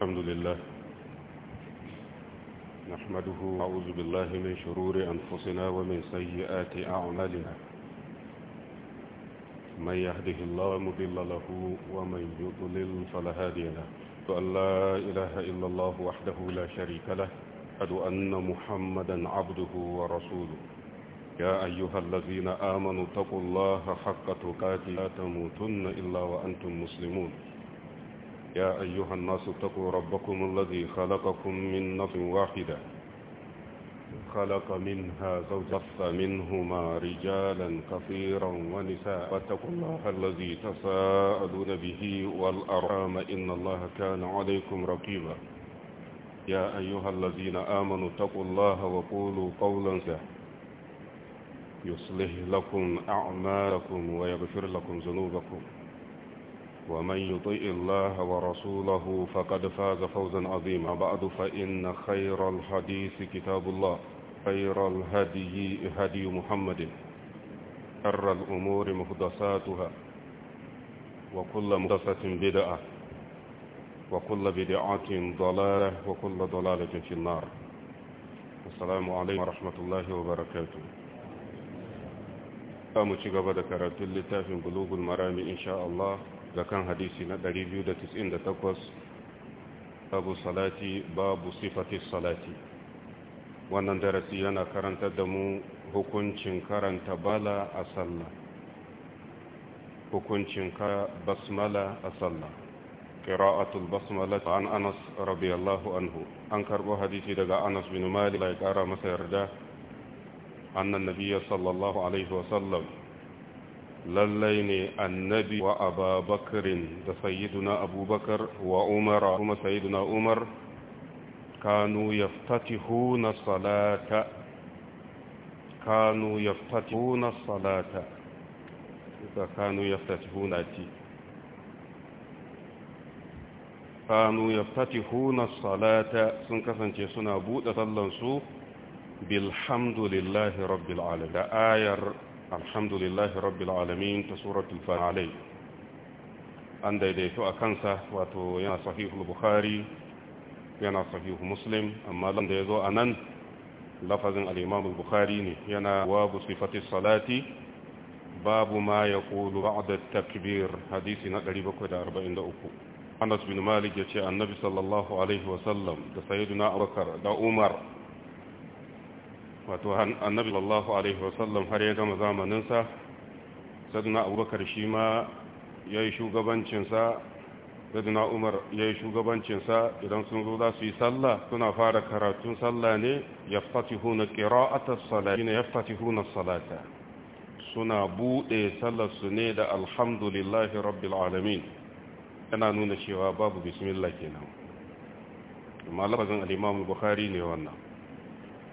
الحمد لله نحمده أعوذ بالله من شرور أنفسنا ومن سيئات أعمالنا من يهده الله مضل له ومن يضلل فلا هادي له وأن لا إله إلا الله وحده لا شريك له أشهد أن محمدا عبده ورسوله يا أيها الذين آمنوا اتقوا الله حق تقاته لا تموتن إلا وأنتم مسلمون يا أيها الناس اتقوا ربكم الذي خلقكم من نفس واحدة خلق منها زوجها منهما رجالا كثيرا ونساء واتقوا الله الذي تساءلون به والأرحام إن الله كان عليكم رقيبا يا أيها الذين آمنوا اتقوا الله وقولوا قولا سهلا يصلح لكم أعمالكم ويغفر لكم ذنوبكم ومن يطيء الله ورسوله فقد فاز فوزا عظيما بعد فإن خير الحديث كتاب الله خير الهدي هدي محمد شر الأمور مهدساتها وكل مهدسة بدعة وكل بدعة ضلالة وكل ضلالة في النار السلام عليكم ورحمة الله وبركاته قاموا شغبا ذكرت اللتاف قلوب المرام إن شاء الله ga kan hadisi na 298 babu salati babu sifati salati wannan darasi yana karanta da mu hukuncin karanta bala a sallah hukuncin ka basmala a sallah qira'atul basmala an Anas radiyallahu anhu an karɓo hadisi daga Anas bin Malik ya ƙara masa yarda annan nabiyyi sallallahu alaihi wasallam lallai ne annabi wa ababakarin da Sayyiduna abubakar wa umara kuma Sayyiduna umar kanu yaftatihuna salata kanu yaftatihuna salata ka kanu yaftatihuna ti kanu yaftatihuna salata sun kasance suna buɗe sallansu bilhamdulillahi rabbil alamin da ayar الحمد لله رب ta تسورة الفاتحة عليه an daidaito a kansa wato yana sahihul bukhari yana sahihu muslim amma landa ya zo a nan lafazin al'imamul bukhari ne yana wabu sifati salati babu ma ya ƙulu ba'da takbir hadisi na 743 anas bin malik ya ce annabi sallallahu alaihi wasallam da sayiduna abubakar da umar wato annabi sallallahu alaihi wasallam har ya gama zamaninsa saduna abubakar shi ma ya yi shugabancinsa saduna umar ya yi shugabancinsa idan sun zo za su yi sallah suna fara karatun sallah ne ya fati huna ƙira'atar salata ne ya fati huna salata suna buɗe sallarsu ne da alhamdulillahi rabbil alamin yana nuna cewa babu bismillah kenan amma lafazin Buhari bukhari ne wannan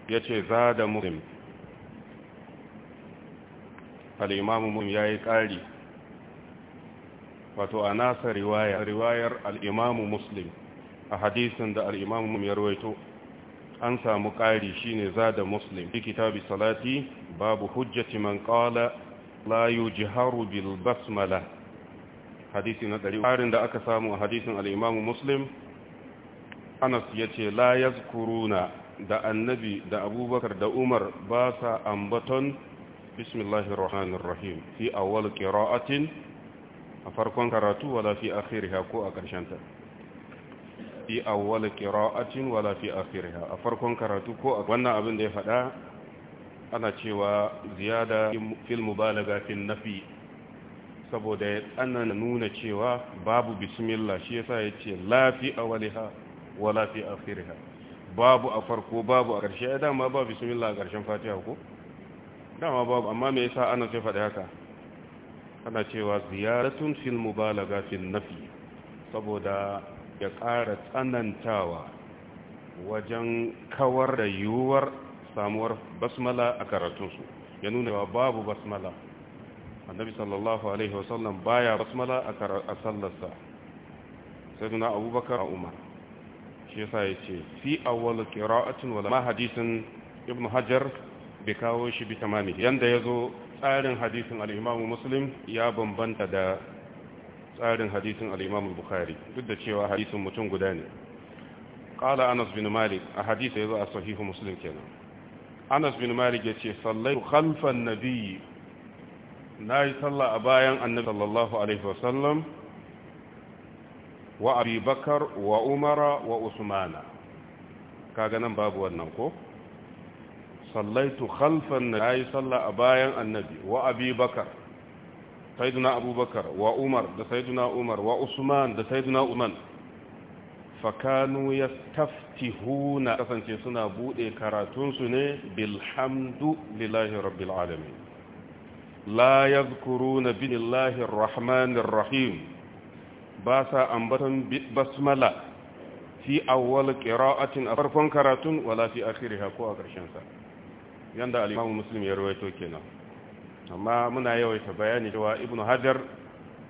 ya ce za da muslim al'imamu muslim ya yi ƙari wato a nasa riwayar riwayar al'imamu muslim a hadisin da al'imamu muslim ya rawaito an samu ƙari shine za da muslim fi kitabi salati babu hujjati man qala la yujharu bil basmala hadisi na dari ƙarin da aka samu a hadisin al Muslim Anas ya ce la kuruna. da annabi da abubakar da umar ba sa ambaton bismillahir rahmanir rahim fi awwal qira'atin a farkon karatu wala fi akhiriha ko a karshen ta fi awwal qira'atin wala fi akhiriha a farkon karatu ko a wannan abin da ya faɗa ana cewa ziyada fil mubalaga fil nafi saboda ya tsanana nuna cewa babu bismillah shi yasa yace la fi awwaliha wala fi akhiriha babu a farko babu a ƙarshe ya dama babu bismillah a ƙarshen fatiha ko dama babu amma me yasa ana sai faɗi haka ana cewa ziyaratun fil mubalaga fil nafi saboda ya ƙara tsanantawa wajen kawar da yiwuwar samuwar basmala a karatunsu ya nuna wa babu basmala annabi sallallahu alaihi wasallam baya basmala a sallarsa sai duna abubakar a umar shi yasa ya ce fi awwal qira'atin wala ma hadisin ibn hajar bai kawo shi bi tamami yanda yazo tsarin hadisin al-imamu muslim ya bambanta da tsarin hadisin al-imamu bukhari duk da cewa hadisin mutum guda ne qala anas bin malik a hadisi yazo a sahihu muslim kenan anas bin malik yace sallaitu khalfan Na yi sallah a bayan annabi sallallahu alaihi wasallam wa Abubakar wa umara wa usmana kaga nan babu wannan ko sallaitu khalfan na yi salla a bayan annabi wa Abubakar, bakar saiduna abubakar wa umar da saiduna umar wa usman da saiduna usman fakanu ya taftihuna kasance suna bude su ne bilhamdu lillahi rabbil alamin la yadhkuruna Lillahi arrahmanir rahim ba sa ambaton basmala fi awwal qira'atin a farkon karatun wala fi akhiriha ko a karshen sa yanda al-Imam Muslim ya rawaito kenan amma muna yawaita bayani cewa Ibn Hajar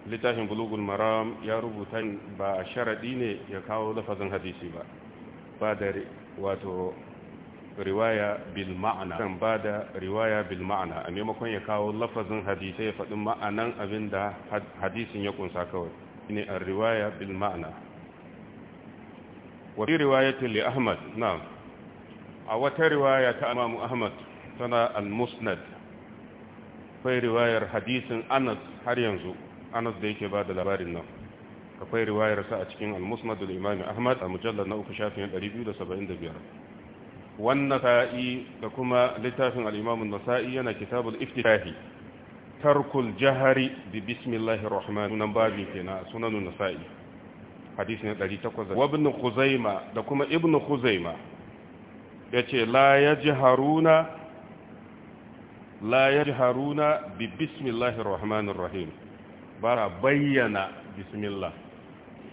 litafin Bulughul Maram ya rubuta ba sharadi ne ya kawo lafazin hadisi ba ba da wato riwaya bil ma'ana kan ba da riwaya bil ma'ana a maimakon ya kawo lafazin hadisai ya faɗi ma'anan abin da hadisin ya kunsa kawai ne a riwaya bil ma'ana wa riwayatin li ahmad na'am a wata riwaya ta imamu ahmad tana al-musnad akwai riwayar hadisin anas har yanzu anas da yake ba da labarin nan akwai riwayar a cikin al-musnad al ahmad a mujallar na uku shafin wannan sa'i da kuma littafin al nasai yana kitabul iftihahi tarkul jihari bi bismillahir rahman sunan babin kenan sunanun nasa'i hadisi ne 800 wa ibn khuzaima da kuma ibn khuzaima ce la ya ji Haruna bi bismillahir rahmanir rahim bara bayyana bismillah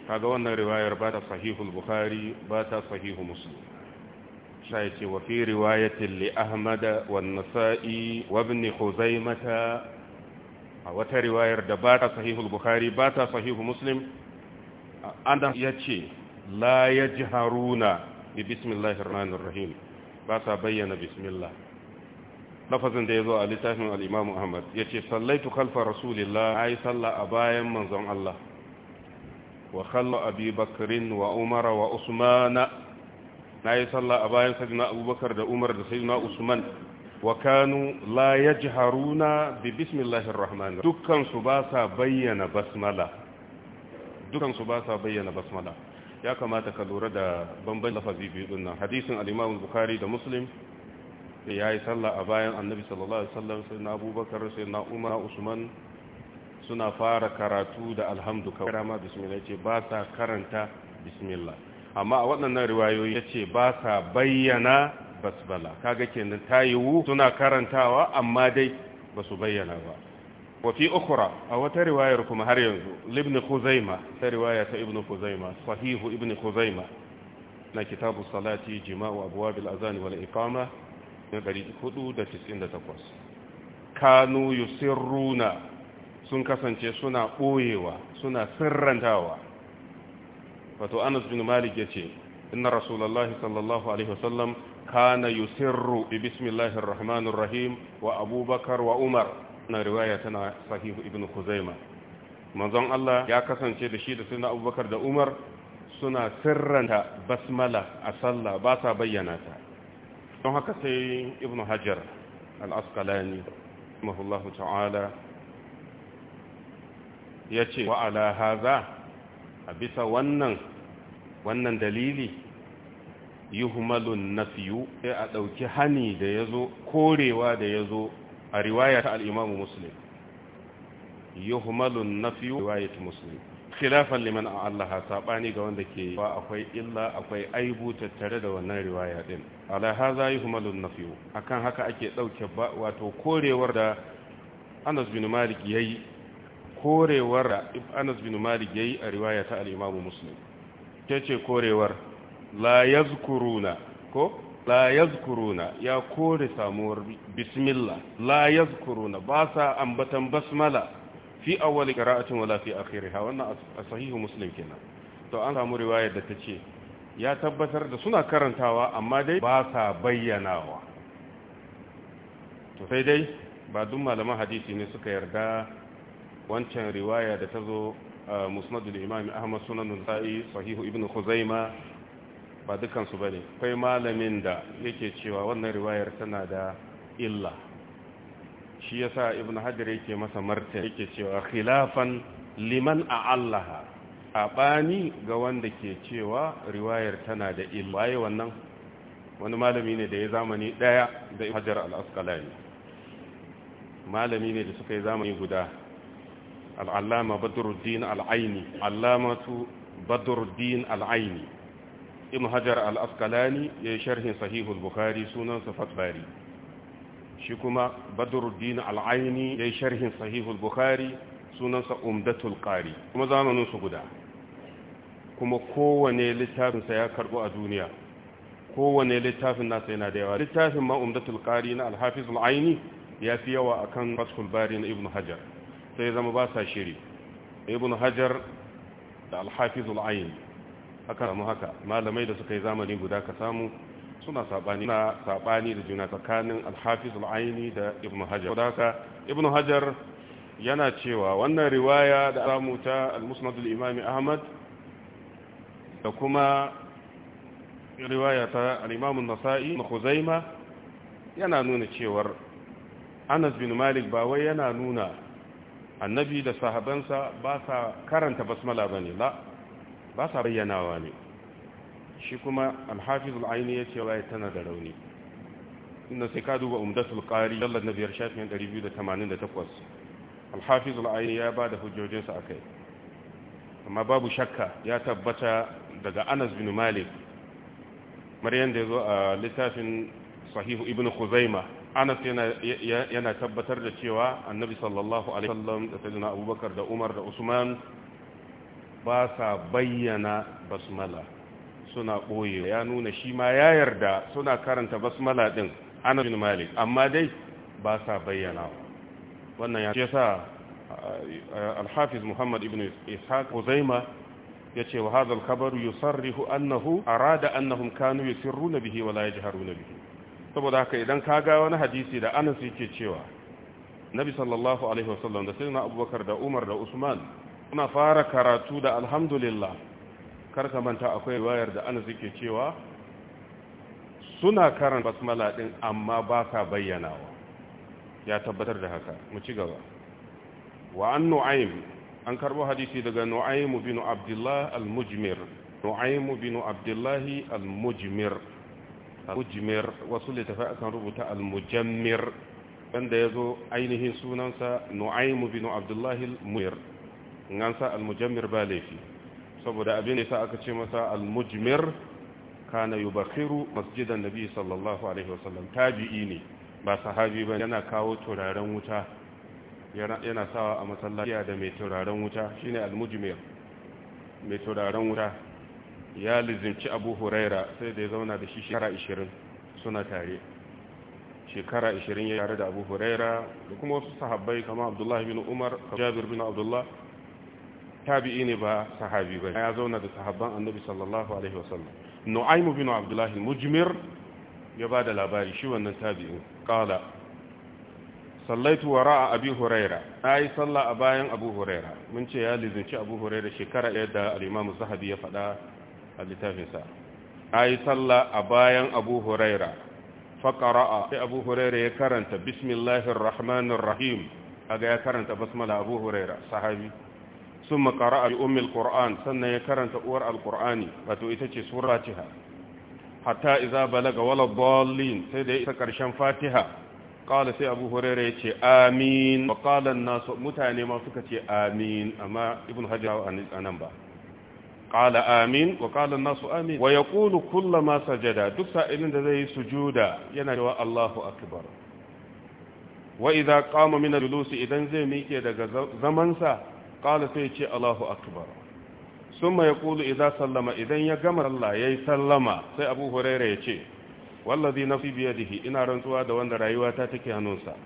kaga wannan riwayar ba ta sahihul bukhari ba ta sahihu muslim sai ce wa fi riwayatin li ahmad wa an-nasa'i wa ibn a wata riwayar da ba ta sahihul bukhari ba ta sahihu muslim ana ya ce la ya ji haruna bi bismillahirrahmanirrahim ba sa bayyana bismillah lafazin da ya zo a littafin al'imamu ahmad ya ce sallaitu kalfa rasulillah a yi salla a bayan manzon Allah wa kalla abi bakirin wa umara wa usmana na yi salla a bayan sajina abubakar da umar da sajina usman wa ya ji Haruna bi bismillahir rahmanir dukkan ba sa bayyana basmala dukkan ba sa bayyana basmala ya kamata ka lura da bamban lafazi biyu din nan hadisin al-Imam Bukhari da Muslim ya yi sallah a bayan Annabi sallallahu alaihi wasallam sai na Abubakar sai na Umar Usman suna fara karatu da alhamdu kawai ma bismillah yace ba sa karanta bismillah amma a waɗannan riwayoyi yace ba sa bayyana basbala kaga kenan tayiwu suna karantawa amma dai ba su bayyana ba Wafi fi a wata riwayar kuma har yanzu ibn khuzaima ta riwaya ta ibn khuzaima sahihu ibn khuzaima na kitabu salati jima'u abwab al-azan wal iqama 498 kanu yusirruna sun kasance suna boyewa suna sirrantawa wato Anas bin Malik yace inna rasulullahi sallallahu alaihi wasallam kana yusirru bi bismillahir rahmanir rahim wa abubakar wa umar na riwaya tana sahihu ibn kuzaima manzon Allah ya kasance da shi da sunna abubakar da umar suna sirranta basmala a sallah ba sa bayyana ta don haka sai ibn hajar al-asqalani rahimahullahu ta'ala yace wa ala hadha a bisa wannan wannan dalili yuhmalun nafiyu sai a ɗauki hani da ya zo korewa da ya zo a riwaya ta al'imamu muslim yuhmalun nafiyu riwayat muslim khilafan liman a Allah saɓani ga wanda ke ba akwai illa akwai aibu tattare da wannan riwaya ɗin alaha na yuhmalun nafiyu akan haka ake ɗauke ba wato korewar da anas bin malik ya yi korewar da anas bin malik ya yi a riwaya ta al'imamu muslim ta ce korewar la yazkuruna ko la yazkuruna ya kore samuwar bismillah la yazkuruna ba sa ambatan basmala fi awwal qira'atin wala fi akhiriha wannan sahihu muslim kenan to an samu riwaya da ta ce ya tabbatar da suna karantawa amma dai ba sa bayyanawa to sai dai ba duk malaman hadisi ne suka yarda wancan riwaya da ta zo musnadul imam ahmad sunan nasa'i sahihu ibnu khuzaimah ba dukansu ba ne akwai malamin da yake cewa wannan riwayar tana da illa shi yasa ibn hajar yake masa marta yake cewa khilafan liman a A bani ga wanda ke cewa riwayar tana da illa waye wannan wani malami ne da ya zamani daya da hajar al-asqalani malami ne da suka yi zamani guda al-allama badruddin al'aini. aini allamatu badruddin al ibn hajar al askalani ya yi sharhin sahihul bukhari sunansa fatbari shi kuma badruddin al-aini ya yi sharhin sahihul bukhari sunansa umdatul qari kuma zamanin su guda kuma kowane littafinsa ya karbo a duniya kowane littafin nasa yana da yawa littafin ma umdatul qari na al-hafiz al-aini ya fi yawa akan fathul bari na ibn hajar sai zama ba sa shiri ibn hajar da al-hafiz al-aini aka samu haka malamai da suka yi zamani guda ka samu suna saɓani. da juna tsakanin al-hafiz aini da ibn hajar haka ibn hajar yana cewa wannan riwaya da samu ta al-musnad al-imam ahmad da kuma riwaya ta al-imam an-nasa'i na khuzaima yana nuna cewar Anas bin Malik ba wai yana nuna annabi da sahabansa ba sa karanta basmala bane la ba sa bayyanawa ne shi kuma alhafiz ya ce waye tana da rauni inda sai ka duba umdatul qari jallar na biyar shafin 288 alhafiz al'aini ya ba da hujjojinsa a kai amma babu shakka ya tabbata daga anas bin malik maryan da ya zo a littafin sahihu ibn khuzaima anas yana tabbatar da cewa annabi sallallahu alaihi wasallam da sayyidina abubakar da umar da usman ba sa bayyana basmala suna ɓoye ya nuna shi ma ya yarda suna karanta basmala ɗin ana malik amma dai ba sa bayyana wannan ya ce sa alhafiz muhammad ibn ishaq uzaima ya ce wa hazal kabaru sarrihu annahu arada annahun kanu yusirruna bihi wala yajharuna bihi saboda haka idan ka ga wani hadisi da anas yake cewa nabi sallallahu alaihi wasallam da sayyidina abubakar da umar da usman muna fara karatu da alhamdulillah karka manta akwai wayar da ana zike cewa suna karan basmala din amma ba sa bayyanawa ya tabbatar da haka mu ci gaba wa an nu'aym an karbo hadisi daga nu'aym bin abdullah al-mujmir nu'aym bin abdullah al-mujmir al-mujmir wasu littafai akan rubuta al-mujammir wanda yazo ainihin sunansa nu'aym bin abdullah al-mujmir in an sa almujammir ba laifi saboda abin da sa aka ce masa almujmir kana yubakhiru masjidan nabi sallallahu alaihi wasallam tabi'i ne ba sahabi ba yana kawo turaren wuta yana sawa a masallaci da mai turaren wuta shine almujmir mai turaren wuta ya lizimci abu huraira sai da ya zauna da shi shekara 20 suna tare shekara 20 ya tare da abu huraira da kuma wasu sahabbai kamar abdullahi bin umar jabir bin abdullahi tabi'i ne ba sahabi ba ya zauna da sahabban annabi sallallahu alaihi wasallam nu'aymu bin abdullah mujmir ya bada labari shi wannan tabi'in qala sallaitu wara'a abi huraira ayi salla a bayan abu huraira mun ce ya lizinci abu huraira shekara ɗaya da al-imam zahabi ya faɗa a littafinsa ayi salla a bayan abu huraira faqara'a sai abu huraira ya karanta bismillahir rahmanir rahim kaga ya karanta basmala abu huraira sahabi sun makara al’ummil ƙor'an sannan ya karanta uwar al’ur'ani wato ita ce tsura hata iza balaga wala sai da isa ƙarshen fatiha ƙala sai abu hurere ce amin ba ƙalan nasu mutane ma suka ce amin amma ibn hajjawa a nan ba ƙala amin wa ƙalan nasu amin wa ya ƙunu kulla masa jada duk sa'ilin da zai yi sujuda yana cewa allahu akbar wa idza qama min al-julusi idan zai mike daga zamansa qala sai ce Allahu akbar summa yaqulu idza sallama idan ya gama Allah yayi sallama sai Abu Hurairah ya ce wallazi nafsi bi yadihi ina rantsuwa da wanda rayuwata take hannunsa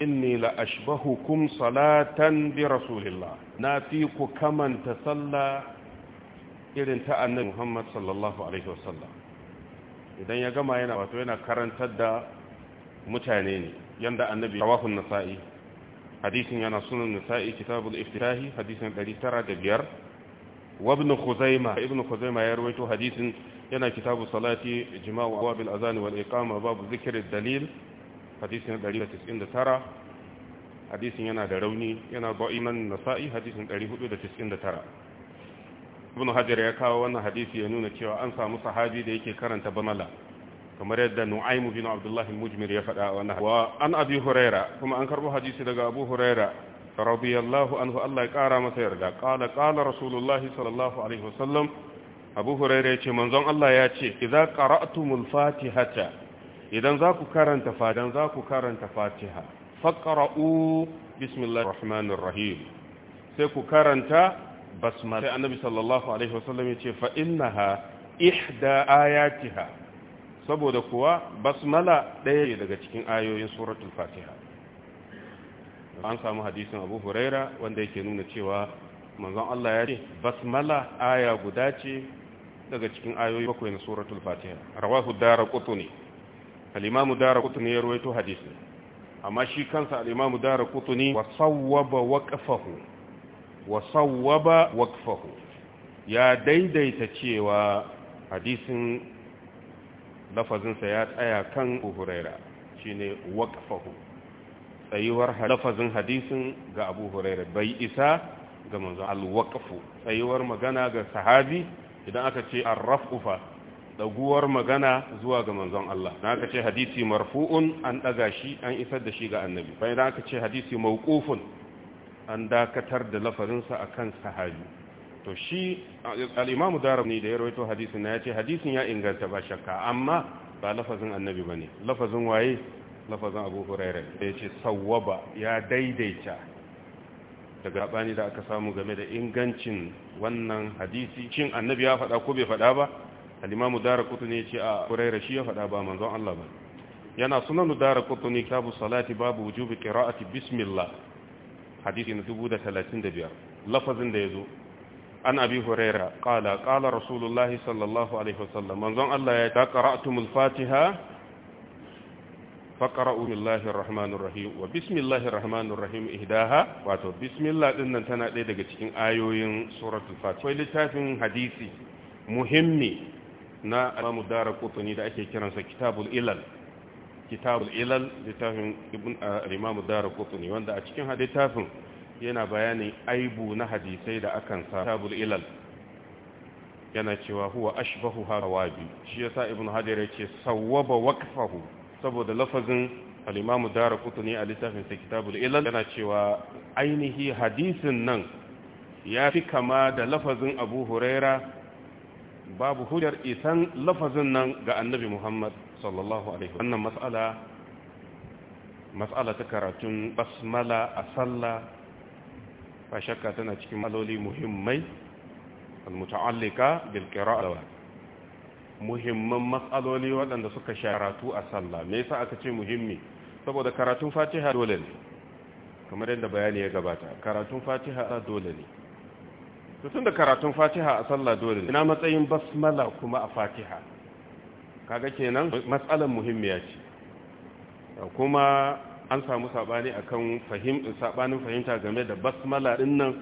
inni la ashbahukum salatan bi rasulillah na fi ku kamanta sallah irin ta annabi Muhammad sallallahu alaihi wasallam idan ya gama yana wato yana karantar da mutane ne yanda annabi rawahun nasa'i hadisin yana sunan nisa'i kitabul iftirahi hadisin 905 wa ibn khuzaima ibn khuzaima ya rawaito hadisin yana kitabu salati jima'u abwab al-azan wal iqama babu zikr dalil hadisin 199 hadisin yana da rauni yana da'iman nisa'i hadisin 499 ibn hajar ya kawo wannan hadisi ya nuna cewa an samu sahabi da yake karanta bamala kamar yadda nu'aymu bin abdullahi mujmir ya faɗa wannan wa an abi huraira kuma an karbo hadisi daga abu huraira radiyallahu anhu Allah ya kara masa yarda qala qala rasulullahi sallallahu alaihi wasallam abu huraira ya ce manzon Allah ya ce idza qara'tumul fatihata idan za karanta fadan za ku karanta fatiha faqra'u bismillahir rahmanir rahim sai ku karanta basmala sai annabi sallallahu alaihi wasallam ya ce fa innaha ihda ayatiha saboda kuwa basmala ɗaya ne daga cikin ayoyin suratul fatiha an samu hadisin abu huraira wanda yake nuna cewa manzon Allah ya ce basmala aya guda ce daga cikin ayoyi bakwai na suratul fatiha rawahu daraqutni al-imam daraqutni ya rawaito hadisin amma shi kansa al-imam daraqutni wa sawwaba waqfahu wa sawwaba waqfahu ya daidaita cewa hadisin lafazinsa ya tsaya kan abu huraira ne waƙafahu. tsayuwar lafazin hadisin ga abu huraira bai isa ga manzon alwaƙafu. tsayuwar magana ga sahabi idan aka ce ar-raf'u daguwar magana zuwa ga manzon Allah na aka ce hadisi marfu'un an ɗaga shi an isar da shi ga annabi bayan aka ce hadisi mawqufun an dakatar da lafazinsa akan sahabi to shi al'imamu darabni da ya rawaito hadisin na ya ce hadisin ya inganta ba shakka amma ba lafazin annabi ba ne lafazin waye lafazin abu hurairu da ya ce sawwaba ya daidaita da gabani da aka samu game da ingancin wannan hadisi cin annabi ya faɗa ko bai faɗa ba al'imamu darakutu ne ya ce a hurairu shi ya faɗa ba manzon Allah ba yana sunan darakutu ne kitabu salati babu wujubi qira'ati bismillah hadisi na 1035 lafazin da ya zo an abi huraira qala qala rasulullah sallallahu alaihi wasallam manzon Allah ya ta taqra'tumul fatiha faqra'u billahi arrahmanir rahim wa bismillahir rahmanir rahim ihdaha wato bismillah din nan tana ɗaya daga cikin ayoyin suratul fatiha akwai littafin hadisi muhimmi na Imam Daraqutni da ake kiransa Kitabul Ilal Kitabul Ilal littafin Ibn Imam Daraqutni wanda a cikin haditafin yana bayanin aibu na hadisai da akan sa tabul ilal yana cewa huwa ashbahu hawabi shi yasa ibnu hajar yake sawwaba waqfahu saboda lafazin al-imamu a littafin sa kitabul ilal yana cewa ainihi hadisin nan ya fi kama da lafazin abu huraira babu hujjar isan lafazin nan ga annabi muhammad sallallahu alaihi wannan mas'ala mas'ala ta karatun basmala a sallah ba shakka tana cikin maloli muhimmai almuta'allika bil qira'a muhimman matsaloli waɗanda suka sharatu a sallah me yasa aka ce muhimmi saboda karatun fatiha dole ne kamar yadda bayani ya gabata karatun fatiha dole ne to tunda karatun fatiha a sallah dole ne ina matsayin basmala kuma a fatiha kaga kenan matsalan muhimmiya ce kuma an samu sabani akan fahim sabanin fahimta game da basmala din nan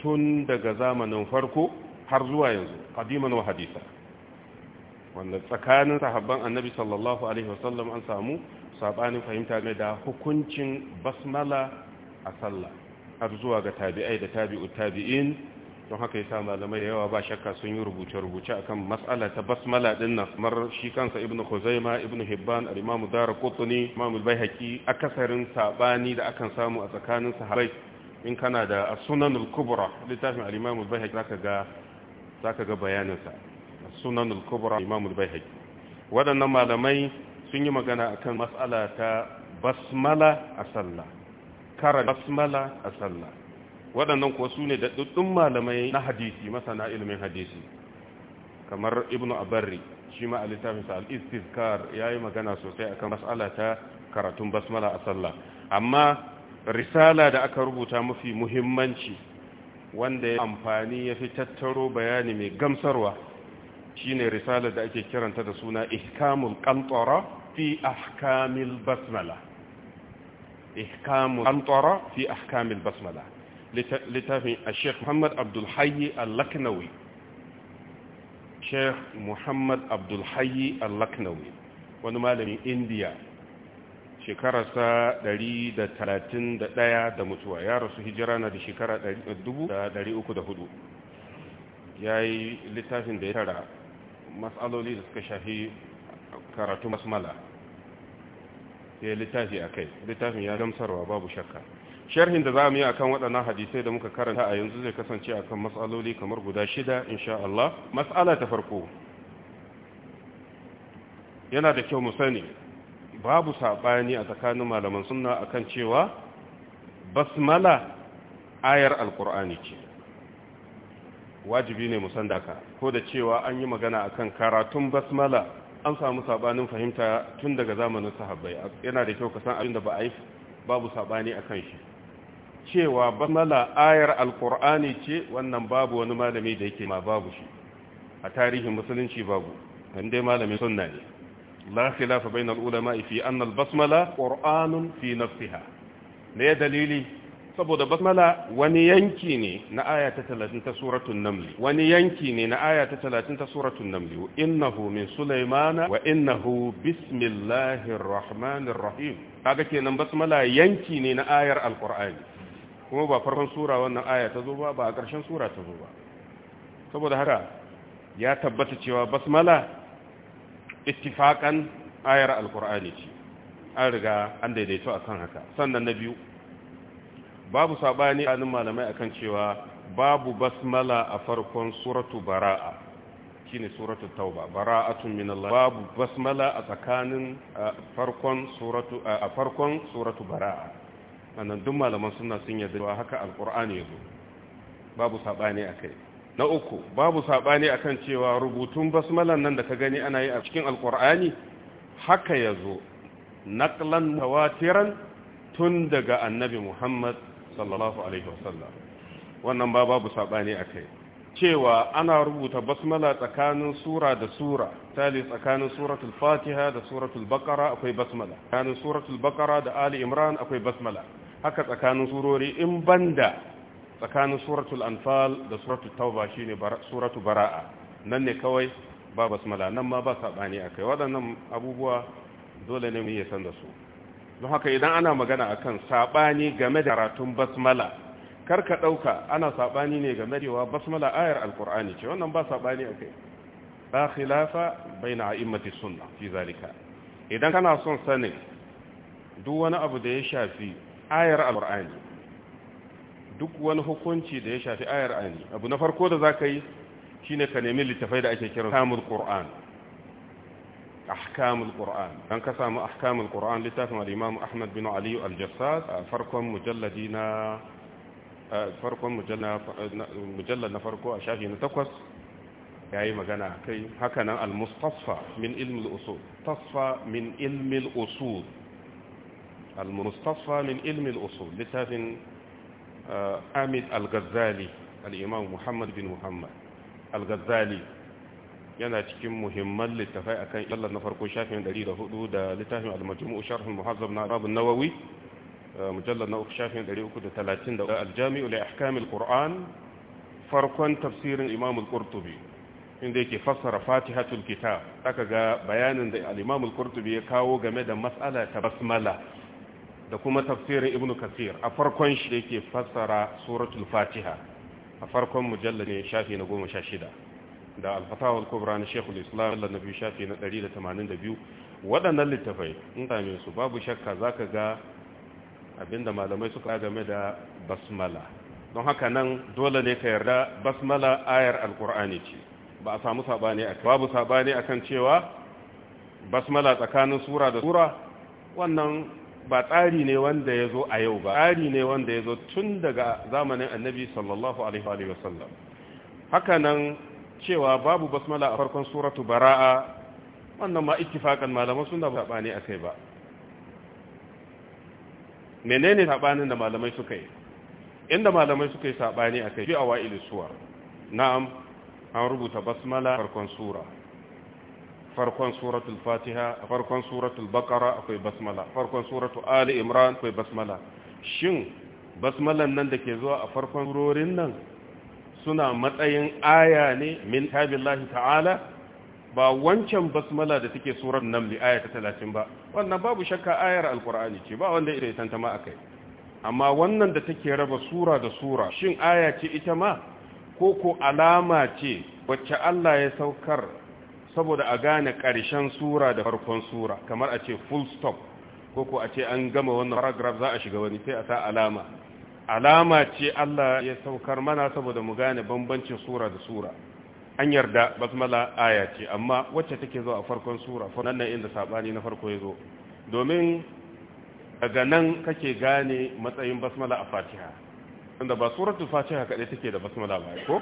tun daga zamanin farko har zuwa yanzu qadiman wa hadisa wanda tsakanin sahabban annabi sallallahu alaihi wasallam an samu sabanin fahimta game da hukuncin basmala a sallah har zuwa ga tabi'ai da tabi'ut tabi'in don haka yasa malamai da yawa ba shakka sun yi rubuce-rubuce akan mas'ala ta basmala din nan kamar shi kansa ibn khuzaima ibn hibban al-imam darqutni imam al-baihaqi akasarin saɓani da akan samu a tsakanin sahabbai in kana da as-sunan al-kubra littafin al-imam al-baihaqi zaka ga zaka ga bayanin sa as-sunan al-kubra malamai sun yi magana akan mas'ala ta basmala a sallah kara basmala a sallah waɗannan kuwa su ne daɗaɗɗun malamai na hadisi masana ilimin hadisi kamar ibn abarri shi ma a littafinsa al'istizkar ya yi magana sosai akan mas'ala ta karatun basmala a sallah amma risala da aka rubuta mafi muhimmanci wanda ya amfani ya fi tattaro bayani mai gamsarwa shine risala da ake kiranta da suna ihkamul qantara fi ahkamil basmala ihkamul qantara fi ahkamil basmala littafin a sheikh muhammad abdulhayi al-laknawi sheikh muhammad abdulhayi al-laknawi wani malamin indiya shekararsa 131 da mutuwa ya rasu hijira na da shekara 304 ya yi littafin da ya tara matsaloli da suka shafi karatu basmala ya littafi a kai littafin ya gamsarwa babu shakka sharhin da za mu yi akan waɗannan hadisai da muka karanta a yanzu zai kasance akan matsaloli kamar guda shida insha Allah matsala ta farko yana da kyau mu sani babu saɓani a tsakanin malaman sunna akan cewa basmala ayar alkur'ani ce wajibi ne mu san daka ko da cewa an yi magana akan karatun basmala an samu saɓanin fahimta tun daga zamanin sahabbai yana da kyau ka san abin da ba a yi babu saɓani akan shi cewa basmala ayar alkur'ani ce wannan babu wani malami da yake ma babu shi a tarihin musulunci babu dan malami malamin sunna ne la khilafa bainal ulama fi anna basmala qur'anun fi nafsiha ne dalili saboda basmala wani yanki ne na aya ta 30 ta suratul naml wani yanki ne na aya ta 30 ta suratul naml innahu min sulaymana wa innahu bismillahir rahmanir rahim kaga kenan basmala yanki ne na ayar alqur'ani kuma ba farkon sura wannan aya ta zo ba ba a ƙarshen sura ta zo ba saboda haka ya tabbata cewa basmala ittifakan ayar alkur'ani ce an riga an daidaito akan haka sannan na biyu babu sabani anan malamai akan cewa babu basmala a farkon suratu bara'a shine suratu tauba bara'atun min Allah babu basmala a tsakanin farkon suratu a farkon suratu bara'a Wannan duk malaman suna sun yarda cewa haka alkur'ani yazo babu sabani akai na uku babu sabani akan cewa rubutun basmalan nan da ka gani ana yi a cikin alkur'ani haka yazo naqlan tawatiran tun daga annabi Muhammad sallallahu alaihi wasallam wannan ba babu sabani akai cewa ana rubuta basmala tsakanin sura da sura tali tsakanin suratul fatiha da suratul baqara akwai basmala tsakanin suratul baqara da ali imran akwai basmala haka tsakanin surori in banda tsakanin suratul anfal da suratul tauba shine suratul bara'a nan ne kawai ba basmala nan ma ba sabani akai waɗannan abubuwa dole ne mu yi san da su don haka idan ana magana akan sabani game da karatun basmala kar ka dauka ana sabani ne game da basmala ayar alqur'ani ce wannan ba sabani akai ba khilafa baina a'immati sunna fi zalika idan kana son sanin duk wani abu da ya shafi ayar alƙur'ani duk wani hukunci da ya shafi ayar ani abu na farko da za ka yi shine ka nemi littafai da ake kiran kamul qur'an ahkamul qur'an dan ka samu ahkamul ƙuran littafin al-imam ahmad bin ali al a farkon mujalladi na farkon mujallad na farko a shafi na takwas yayi magana kai hakanan al-mustasfa min ilmi tasfa min ilmi al-usul al-mustafa ilmi al-usul al-Ghazali al-Imam al-Ghazali yana cikin muhimman littafai akan illar na farko shafin 104 da littafin al-majmu' sharh al-muhazzab na Imam nawawi mujallad na uku shafin 330 da al-jami' li ahkam al-Qur'an farkon tafsirin Imam al-Qurtubi inda yake fassara Fatihatul Kitab aka ga bayanin da al-Imam al-Qurtubi ya kawo game da mas'ala ta basmala da kuma tafsirin ibn kasir a farkon shi da yake fassara suratul fatiha a farkon mujalla ne shafi na goma sha shida da alfatawa al-kubra na shekul islam da nabi shafi na ɗari da tamanin da biyu waɗannan littafai in su babu shakka za ka ga abinda malamai suka game da basmala don haka nan dole ne ka yarda basmala ayar alkur'ani ce ba a samu sabani a babu sabani akan cewa basmala tsakanin sura da sura wannan ba tsari ne wanda ya zo a yau ba tsari ne wanda ya zo tun daga zamanin annabi sallallahu alaihi wa sallam haka nan cewa babu basmala a farkon suratu bara'a wannan ma ittifakan malaman suna ba ne akai ba menene sabanin da malamai suka yi inda malamai suka yi sabani akai bi awailis suwar na'am an rubuta basmala farkon sura farkon suratul fatiha farkon suratul baqara akwai basmala farkon suratul ali imran akwai basmala shin basmalan nan da ke zuwa a farkon surorin nan suna matsayin aya ne min tabillahi ta'ala ba wancan basmala da take surar li aya ta 30 ba wannan babu shakka ayar alqur'ani ce ba wanda ita tanta ma akai amma wannan da take raba sura da sura shin aya ce ita ma ko ko alama ce wacce Allah ya saukar saboda a gane ƙarshen sura da farkon sura kamar a ce full stop ko ko a ce an gama wannan paragraph za a shiga wani sai a sa alama alama ce Allah ya saukar mana saboda mu gane bambancin sura da sura an yarda basmala aya ce amma wacce take zo a farkon sura nan nan inda sabani na farko ya zo domin daga nan kake gane matsayin basmala a fatiha inda ba suratul fatiha kaɗai take da basmala ba ko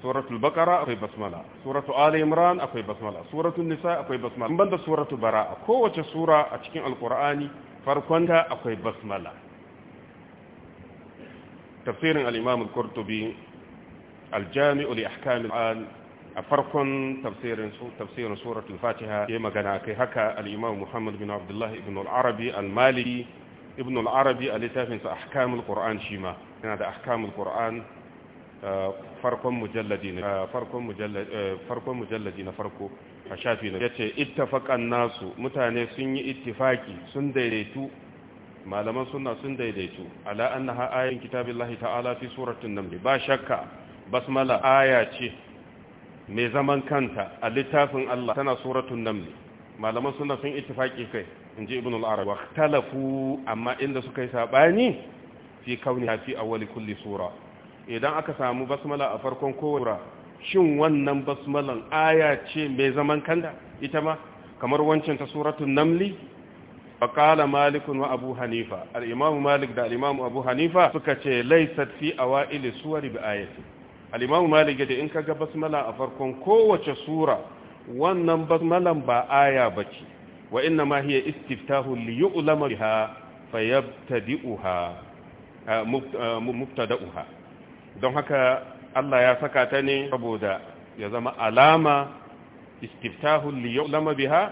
suratul bakara akwai basmala suratul ali imran akwai basmala suratul nisa akwai basmala banda suratul bara'a kowace sura a cikin alqur'ani farkonta akwai basmala tafsirin al-imam al-qurtubi al-jami' li ahkam al a farkon tafsirin suratul fatiha yayi magana kai haka al-imam muhammad bin abdullah ibn al-arabi al-maliki ibn al-arabi a littafinsa ahkamul qur'an shima yana da ahkamul qur'an Eh, eh, farkon mujalladi na farko a shafi na yace ittafaqan nasu mutane sun yi ittifaki sun daidaitu malaman suna sun daidaitu ala annaha ayatin kitabillahi ta'ala fi suratun naml ba shakka basmala aya ce mai zaman kanta a littafin Allah tana suratun naml malaman suna sun ittifaki kai inji ibn al-arab wa ikhtalafu amma inda suka yi sabani fi kauni a awwal kulli sura idan aka samu basmala a farkon sura, shin wannan basmalan aya ce mai zaman kanda ita ma kamar wancan ta suratun namli kala malikun wa abu hanifa al'imamu malik da al'imamu abu hanifa suka ce laisat fi a ili suwari bi ayati al'imamu malik yadda in kaga basmala a farkon kowace sura wannan basmalan ba aya ba ce wa inna ma hiya istiftahu li yu'lama biha fayabtadi'uha eh, eh, mubtada'uha don haka Allah ya saka ta ne saboda ya zama alama istiftahul li yu'lama biha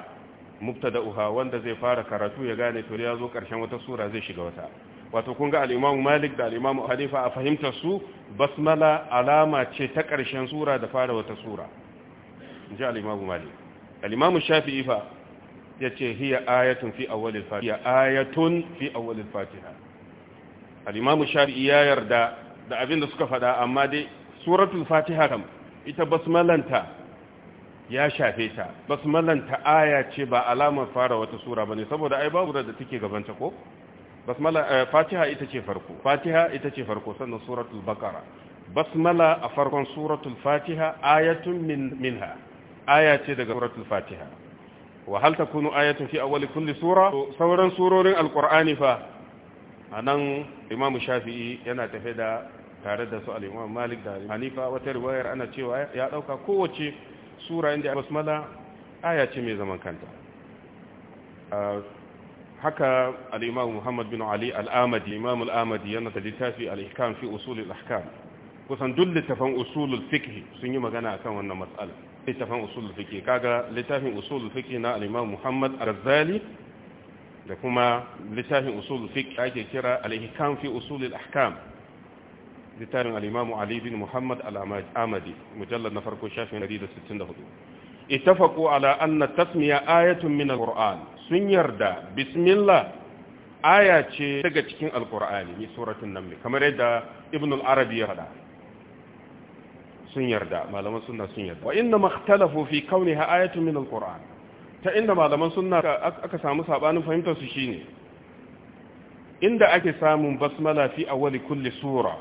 mubtada'uha wanda zai fara karatu ya gane to ya zo karshen wata sura zai shiga wata wato kun ga al-Imam Malik da al-Imam Hanifa a fahimtar su basmala alama ce ta karshen sura da fara wata sura inji al-Imam Malik al-Imam Shafi'i fa yace hiya ayatun fi awwalil al-Fatiha ayatun fi awwalil fatiha al-Imam Shafi'i ya yarda da abin da suka faɗa amma dai suratul fatiha kam ita basmalanta ya shafe ta basmalanta aya ce ba alamar fara wata sura ba ne saboda ai babu da take gabanta ko basmala eh, fatiha ita ce farko fatiha ita ce farko sannan suratul baqara basmala a farkon suratul fatiha ayatun min minha aya ce daga suratul fatiha wa hal takunu ayatun fi awwali kulli sura sauran surorin alqur'ani fa anan imam shafi'i yana tafe da tare da su al malik da hanifa wata riwayar ana cewa ya dauka kowace sura inda basmala aya ce mai zaman kanta haka al muhammad bin ali al-amadi imam al-amadi yana da littafi al-ihkam fi usul al-ahkam kusan duk usul al fiqh sun yi magana akan wannan mas'ala usul al fiqh kaga littafin al fiqh na al Muhammad Al-Ghazali da kuma littafin al fiqh ake kira al-ihkam fi usulil ahkam littafin al-Imam Ali bin Muhammad al-Amadi mujallad na farko shafin 164 ittafaqu ala anna tasmiya ayatun min al-Qur'an sun yarda bismillah aya ce daga cikin al-Qur'ani ni suratul naml kamar yadda Ibn al-Arabi ya faɗa sun yarda malaman sunna sun yarda wa inna makhtalafu fi kauniha ayatun min al-Qur'an ta inda malaman sunna aka samu sabanin fahimtar su shine inda ake samun basmala fi awwali kulli sura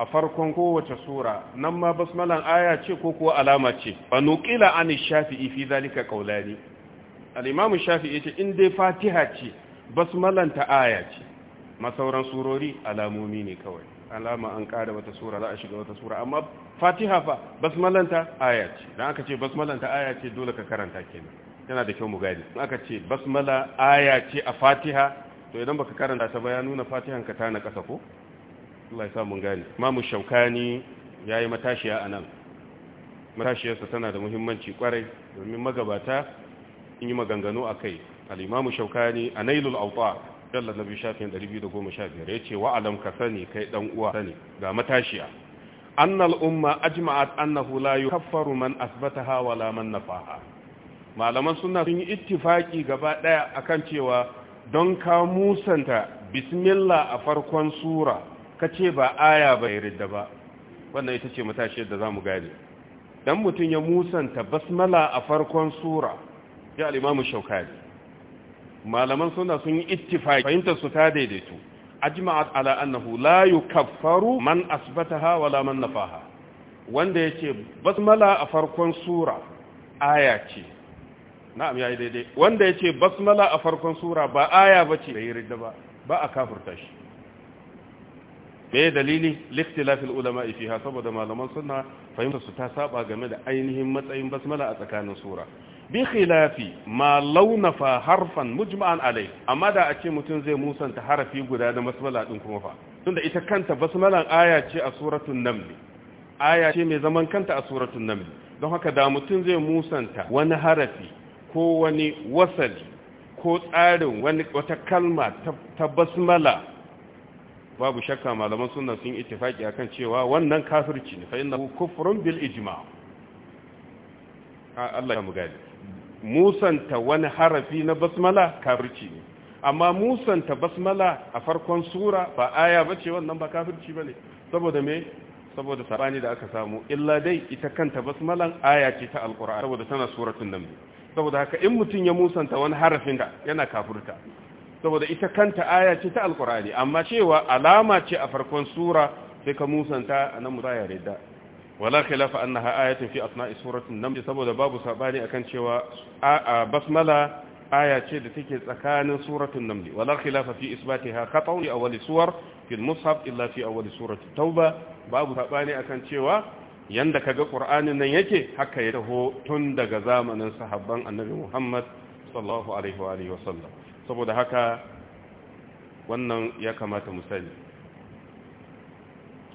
a farkon kowace sura nan ma basmalan aya ce ko kuwa alama ce fa nuqila an shafi'i fi zalika qawlani al-imam shafi'i ce in dai fatiha ce basmalan ta aya ce masauran surori alamomi ne kawai alama an kada wata sura za a shiga wata sura amma fatiha fa basmalanta aya ce dan aka ce basmalanta aya ce dole ka karanta kenan yana da kyau mu gadi aka ce basmala aya ce a fatiha to idan baka karanta ta ba ya nuna fatihan ka ta na kasa ko Allah ya samu gani mamu shaukani ya yi matashiya a nan. matashiyarsa tana da muhimmanci kwarai domin magabata in yi maganganu a kai. alimamu Shaukani a Nailul Awta dalla nabi shafin 215 ya ce alam ka sani kai ɗan uwa sani ga matashiya annal umma ajma'at annahu la yukaffaru man asbataha wala man nafaha malaman suna sun yi ittifaki gaba daya akan cewa don ka musanta bismillah a farkon sura ka ce ba aya ba yarda ba wannan ita ce matashi da za mu gane dan mutum ya musanta basmala a farkon sura ya alimamu shaukari malaman suna sun yi ittifai fahimtar su ta daidaito ajma'at ala annahu la yukaffaru man asbataha wala man nafaha wanda yace basmala a farkon sura aya ce na'am yayi daidai wanda yace basmala a farkon sura ba aya bace bai yarda ba ba a kafurta shi me dalili liktilafil ulama ha saboda malaman sunna fahimta su ta saba game da ainihin matsayin basmala a tsakanin sura bi khilafi ma launafa harfan mujma'an alai amma da a ce mutum zai musanta harafi guda da basmala din kuma fa tunda ita kanta basmalan aya ce a suratul naml aya ce mai zaman kanta a suratun naml don haka da mutum zai musanta wani harafi ko wani wasali ko tsarin wani wata kalma ta basmala babu shakka malaman sunna sun ittifaki akan cewa wannan kafirci ne fa innahu kufrun bil ijma' Allah ya mu musanta wani harafi na basmala kafirci ne amma musanta basmala a farkon sura ba aya ba ce wannan ba kafirci bane saboda me saboda sabani da aka samu illa dai ita kanta basmalan aya ce ta alqur'ani saboda tana suratul naml saboda haka in mutun ya musanta wani harafin da yana kafirta saboda ita kanta aya ce ta alkur'ani amma cewa alama ce a farkon sura sai ka musanta a nan mu zaya rida wala khilafa annaha ayatun fi asna'i suratin naml saboda babu sabani akan cewa a basmala aya ce da take tsakanin suratul naml wala khilafa fi isbatiha khata'u li awwal suwar fi al-mushaf illa fi awwal surati tauba babu sabani akan cewa yanda kaga qur'anin nan yake haka ya taho tun daga zamanin sahabban annabi Muhammad sallallahu alaihi wa alihi wa sallam saboda haka wannan ya kamata musali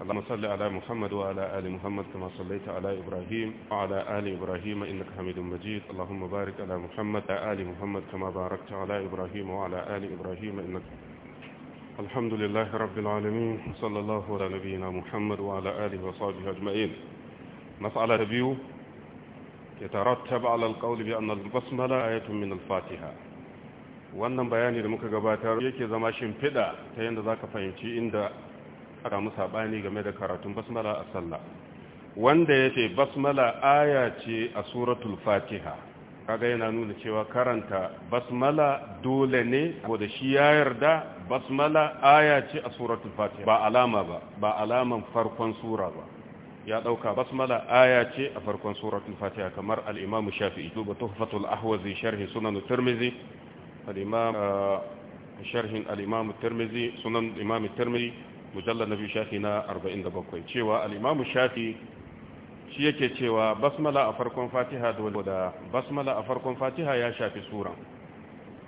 Allah musalli ala Muhammad wa ala ali Muhammad kama sallaita ala Ibrahim wa ala ali Ibrahim innaka Hamidum Majid Allahumma barik ala Muhammad wa ali Muhammad kama barakta ala Ibrahim wa ala ali Ibrahim innaka Alhamdulillah rabbil alamin sallallahu ala nabiyyina Muhammad wa ala ali wa sahbihi ajma'in Mas'ala tabiu yatarattab ala al-qawli bi anna al-basmala ayatun min fatiha wannan bayani da muka gabatar yake zama shimfiɗa ta yadda za ka fahimci inda aka samu saɓani game da karatun basmala a sallah wanda ya ce basmala aya ce a suratul fatiha kaga yana nuna cewa karanta basmala dole ne da shi ya yarda basmala aya ce a suratul fatiha ba alama ba ba alaman farkon sura ba ya dauka basmala aya ce a farkon suratul fatiha kamar al-imam shafi'i duba tuhfatul ahwazi sharhi sunan tirmidhi الإمام شرح الإمام الترمذي سنن الإمام الترمذي مجلد نبي شافينا 47 cewa al Shafi shi yake cewa basmala a farkon Fatiha dole da basmala a farkon Fatiha ya shafi suran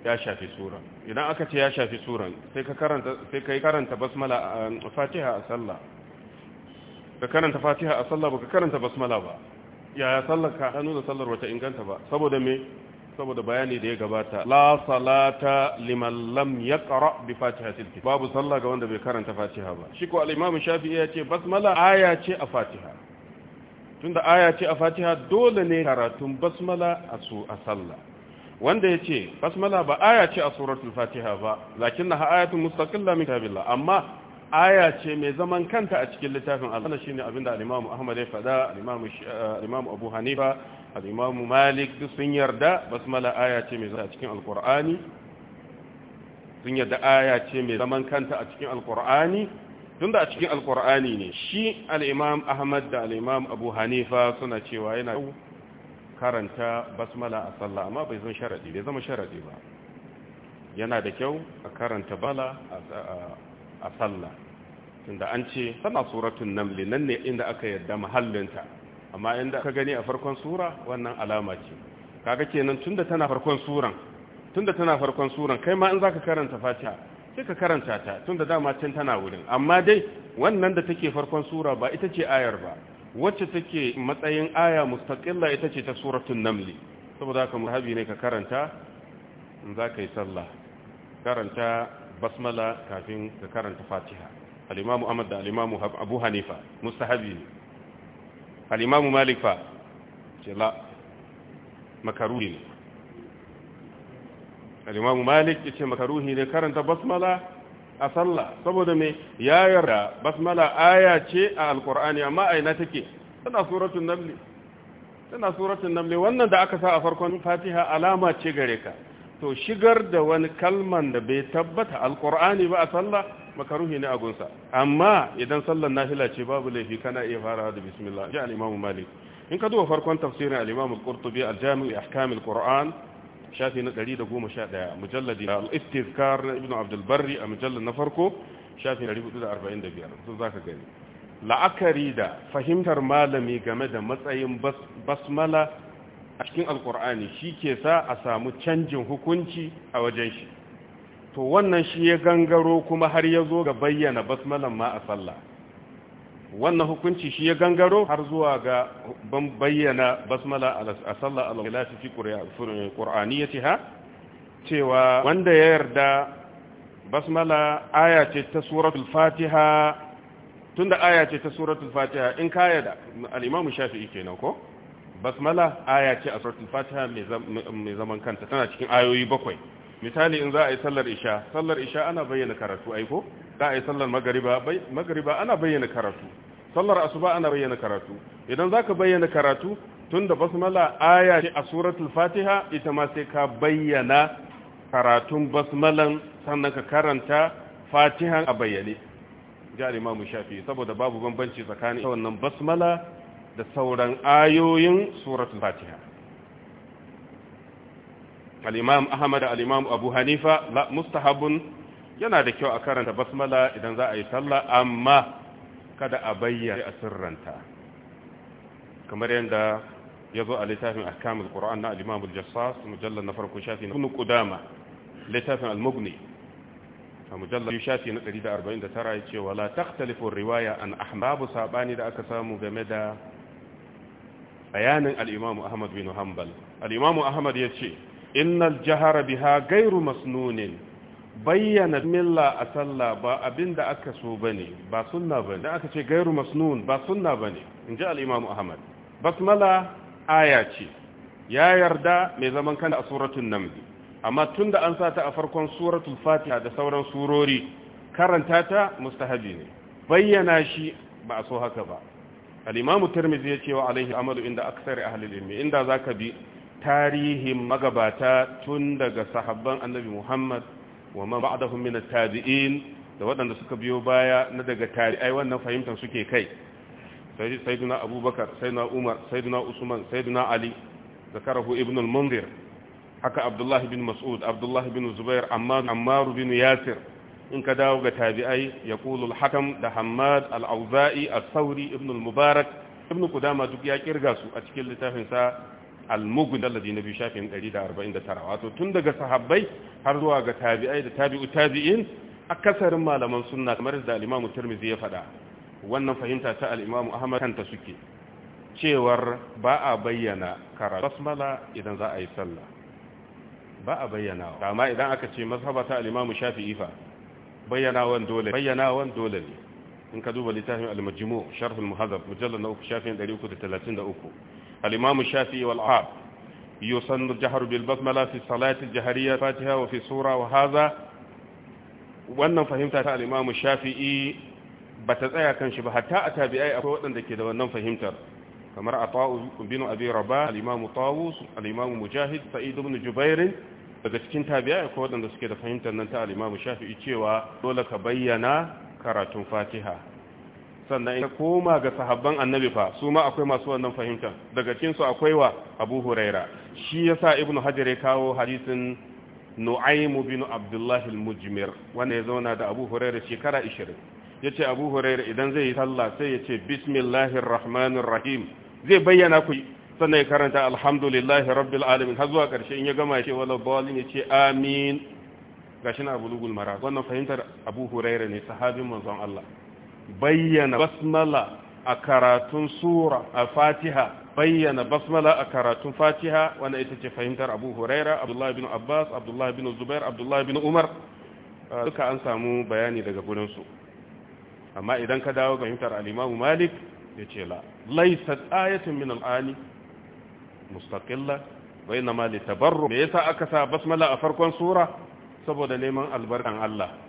ya shafi suran idan aka ce ya shafi suran sai ka karanta sai kai a Fatiha a sallah ka karanta Fatiha a sallah baka karanta ba yaya sallar ka hannu da sallar wata inganta ba saboda me saboda bayani da ya gabata la salata liman lam yaqra bi fatihatil kitab babu sallah ga wanda bai karanta fatiha ba shi ko al-imam shafi'i ya ce basmala aya ce a fatiha tunda aya ce a fatiha dole ne karatun basmala a su a sallah wanda ya ce basmala ba aya ce a suratul fatiha ba Lakin lakinnaha ayatun mustaqilla min kitabillah amma aya ce mai zaman kanta a cikin littafin Allah shine abinda al-Imam Ahmad ya faɗa al-Imam Abu Hanifa al'imamu malik sun yarda basmala aya ce mai zama a cikin Alƙur'ani sun yarda aya ce mai zaman kanta a cikin Alƙur'ani tun da a cikin Alƙur'ani ne shi al'imam ahmad da al'imam abu hanifa suna cewa yana karanta basmala a sallah amma bai zama sharaɗi bai zama sharaɗi ba yana da kyau a karanta bala a sallah tunda an ce sana suratun namli nan ne inda aka yarda mahallinta amma inda ka gani a farkon sura wannan alama ce kaga kenan tunda tana farkon suran tunda tana farkon suran kai ma in zaka karanta fatiha sai ka karanta ta tunda dama can tana wurin amma dai wannan da take farkon sura ba ita ce ayar ba wacce take matsayin aya mustaqilla ita ce ta suratul naml saboda haka muhabbi ne ka karanta in zaka yi sallah karanta basmala kafin ka karanta fatiha al-imamu ahmad da al-imamu abu hanifa mustahabi al'imamu malik fa ce la makaruhi ne al'imamu malik ya ce makaruhi ne karanta basmala a sallah saboda mai ya yarda basmala aya ce a alkur'ani amma aina take tana suratun namli tana suratun namli wannan da aka sa a farkon fatiha alama ce gare ka to shigar da wani kalman da bai tabbata alkur'ani ba a sallah makaruhi ne a gunsa amma idan sallar nafila ce babu laifi kana iya farawa da bismillah ya al-imam malik in ka duba farkon tafsirin al-imam al-qurtubi al-jami' ahkam al-qur'an shafi na 111 mujalladi al-istizkar na ibnu abd al-barri a mujallad na farko shafi 445 sun zaka gani la'akari da fahimtar malami game da matsayin basmala a cikin al shi ke sa a samu canjin hukunci a wajen shi to wannan shi ya gangaro kuma har ya zo ga bayyana basmalan ma a sallah wannan hukunci shi ya gangaro har zuwa ga ban bayyana basmala a sallah al-khilafi fi qur'aniyati ha cewa wanda ya yarda basmala aya ce ta suratul fatiha tunda aya ce ta suratul fatiha in ka yarda al-imam shafi'i kenan ko basmala aya ce a suratul fatiha mai zaman kanta tana cikin ayoyi bakwai misali in za a yi sallar isha sallar isha ana bayyana karatu aiko za a yi sallar magariba magariba ana bayyana karatu sallar asuba ana bayyana karatu idan zaka bayyana karatu tunda basmala aya ce a suratul fatiha ita ma sai ka bayyana karatun basmalan sannan ka karanta fatihan a bayyane ja imamu shafi saboda babu bambanci tsakanin wannan basmala da sauran ayoyin suratul fatiha al'imam ahmad al'imam abu hanifa la mustahabun yana da kyau a karanta basmala idan za a yi sallah amma kada a bayyana a sirranta kamar yadda ya zo a littafin ahkamul qur'an na al-imam al-jassas mujallal na farko shafi na kunu qudama littafin al-mughni a mujallal shafi na 149 yace wala takhtalifu riwaya an ahbabu sabani da aka samu game da bayanin al-imam ahmad bin hanbal al-imam ahmad yace innal jahara biha gairu masnunin bayyana milla a sallah ba abin da aka so ne ba sunna bane da aka ce gairu masnun ba sunna bane in ji al ahmad basmala aya ce ya yarda mai zaman kanta a suratun naml amma tunda an sa ta a farkon suratul fatiha da sauran surori karanta ta mustahabi ne bayyana shi ba a so haka ba al-imam ya ce wa alaihi Amadu inda aksari ahli ilmi inda zaka bi tarihin magabata tun daga sahabban annabi Muhammad wa ma ba'dahum min at-tabi'in da waɗanda suka biyo baya na daga tabi'ai wannan fahimtar suke kai sayyidina Abubakar sayyidina Umar sayyidina Usman sayyidina Ali zakarahu ibn al Mundir haka Abdullah bin Mas'ud Abdullah bin Zubair Ammar Ammar Yasir in ka dawo ga tabi'ai yaqulu al-Hakam da Hammad al-Auza'i al sauri ibn al-Mubarak ibn Qudama duk ya kirga su a cikin littafinsa al-mughni alladhi nabi shafin 149 wato tun daga sahabbai har zuwa ga tabi'ai da tabi'u tabi'in akasarin malaman sunna kamar da al-imam tirmidhi ya faɗa wannan fahimta ta al-imam ahmad kanta suke cewar ba a bayyana karatu basmala idan za a yi sallah ba a bayyana amma idan aka ce ta al-imam shafi'i fa bayyanawan dole bayyanawan dole ne in ka duba littafin al-majmu' sharh al muhadhab mujallad na uku shafin 333 الإمام الشافعي والعاب يسن الجهر بالبسملة في الصلاة الجهرية فاتحة وفي سورة وهذا wannan fahimta ta al'imamu shafi'i ba ta tsaya kan shi ba hatta a tabi'ai akwai waɗanda ke da wannan fahimtar kamar a binu abi raba al'imamu tawus al'imamu mujahid Sa'idu ibn jubairin daga cikin tabi'ai akwai waɗanda suke da fahimtar nan ta al'imamu shafi'i cewa dole ka bayyana karatun fatiha sannan ya koma ga sahabban annabi fa su ma akwai masu wannan fahimtar daga cikinsu akwai wa abu huraira shi ya sa ibn hajar ya kawo hadisin nu'aimu bin abdullahi mujmir wanda ya zauna da abu huraira shekara 20 ya ce abu huraira idan zai yi sallah sai ya ce bismillahir rahmanir rahim zai bayyana ku sannan ya karanta alhamdulillahi rabbil alamin har zuwa karshe in ya gama ya ce wala balin ya ce amin gashi na abu lugul wannan fahimtar abu huraira ne sahabin manzon Allah bayyana basmala a karatun sura a fatiha bayyana basmala a karatun fatiha wanda ita ce fahimtar abu huraira abdullahi bin abbas abdullahi bin zubair abdullahi bin umar uh, duka an samu bayani daga gudunsu amma idan ka dawo fahimtar alimamu malik ya ce la laisat ayatun min al'ani mustaqilla bainama litabarru me yasa aka sa basmala a farkon sura saboda neman albarkan Allah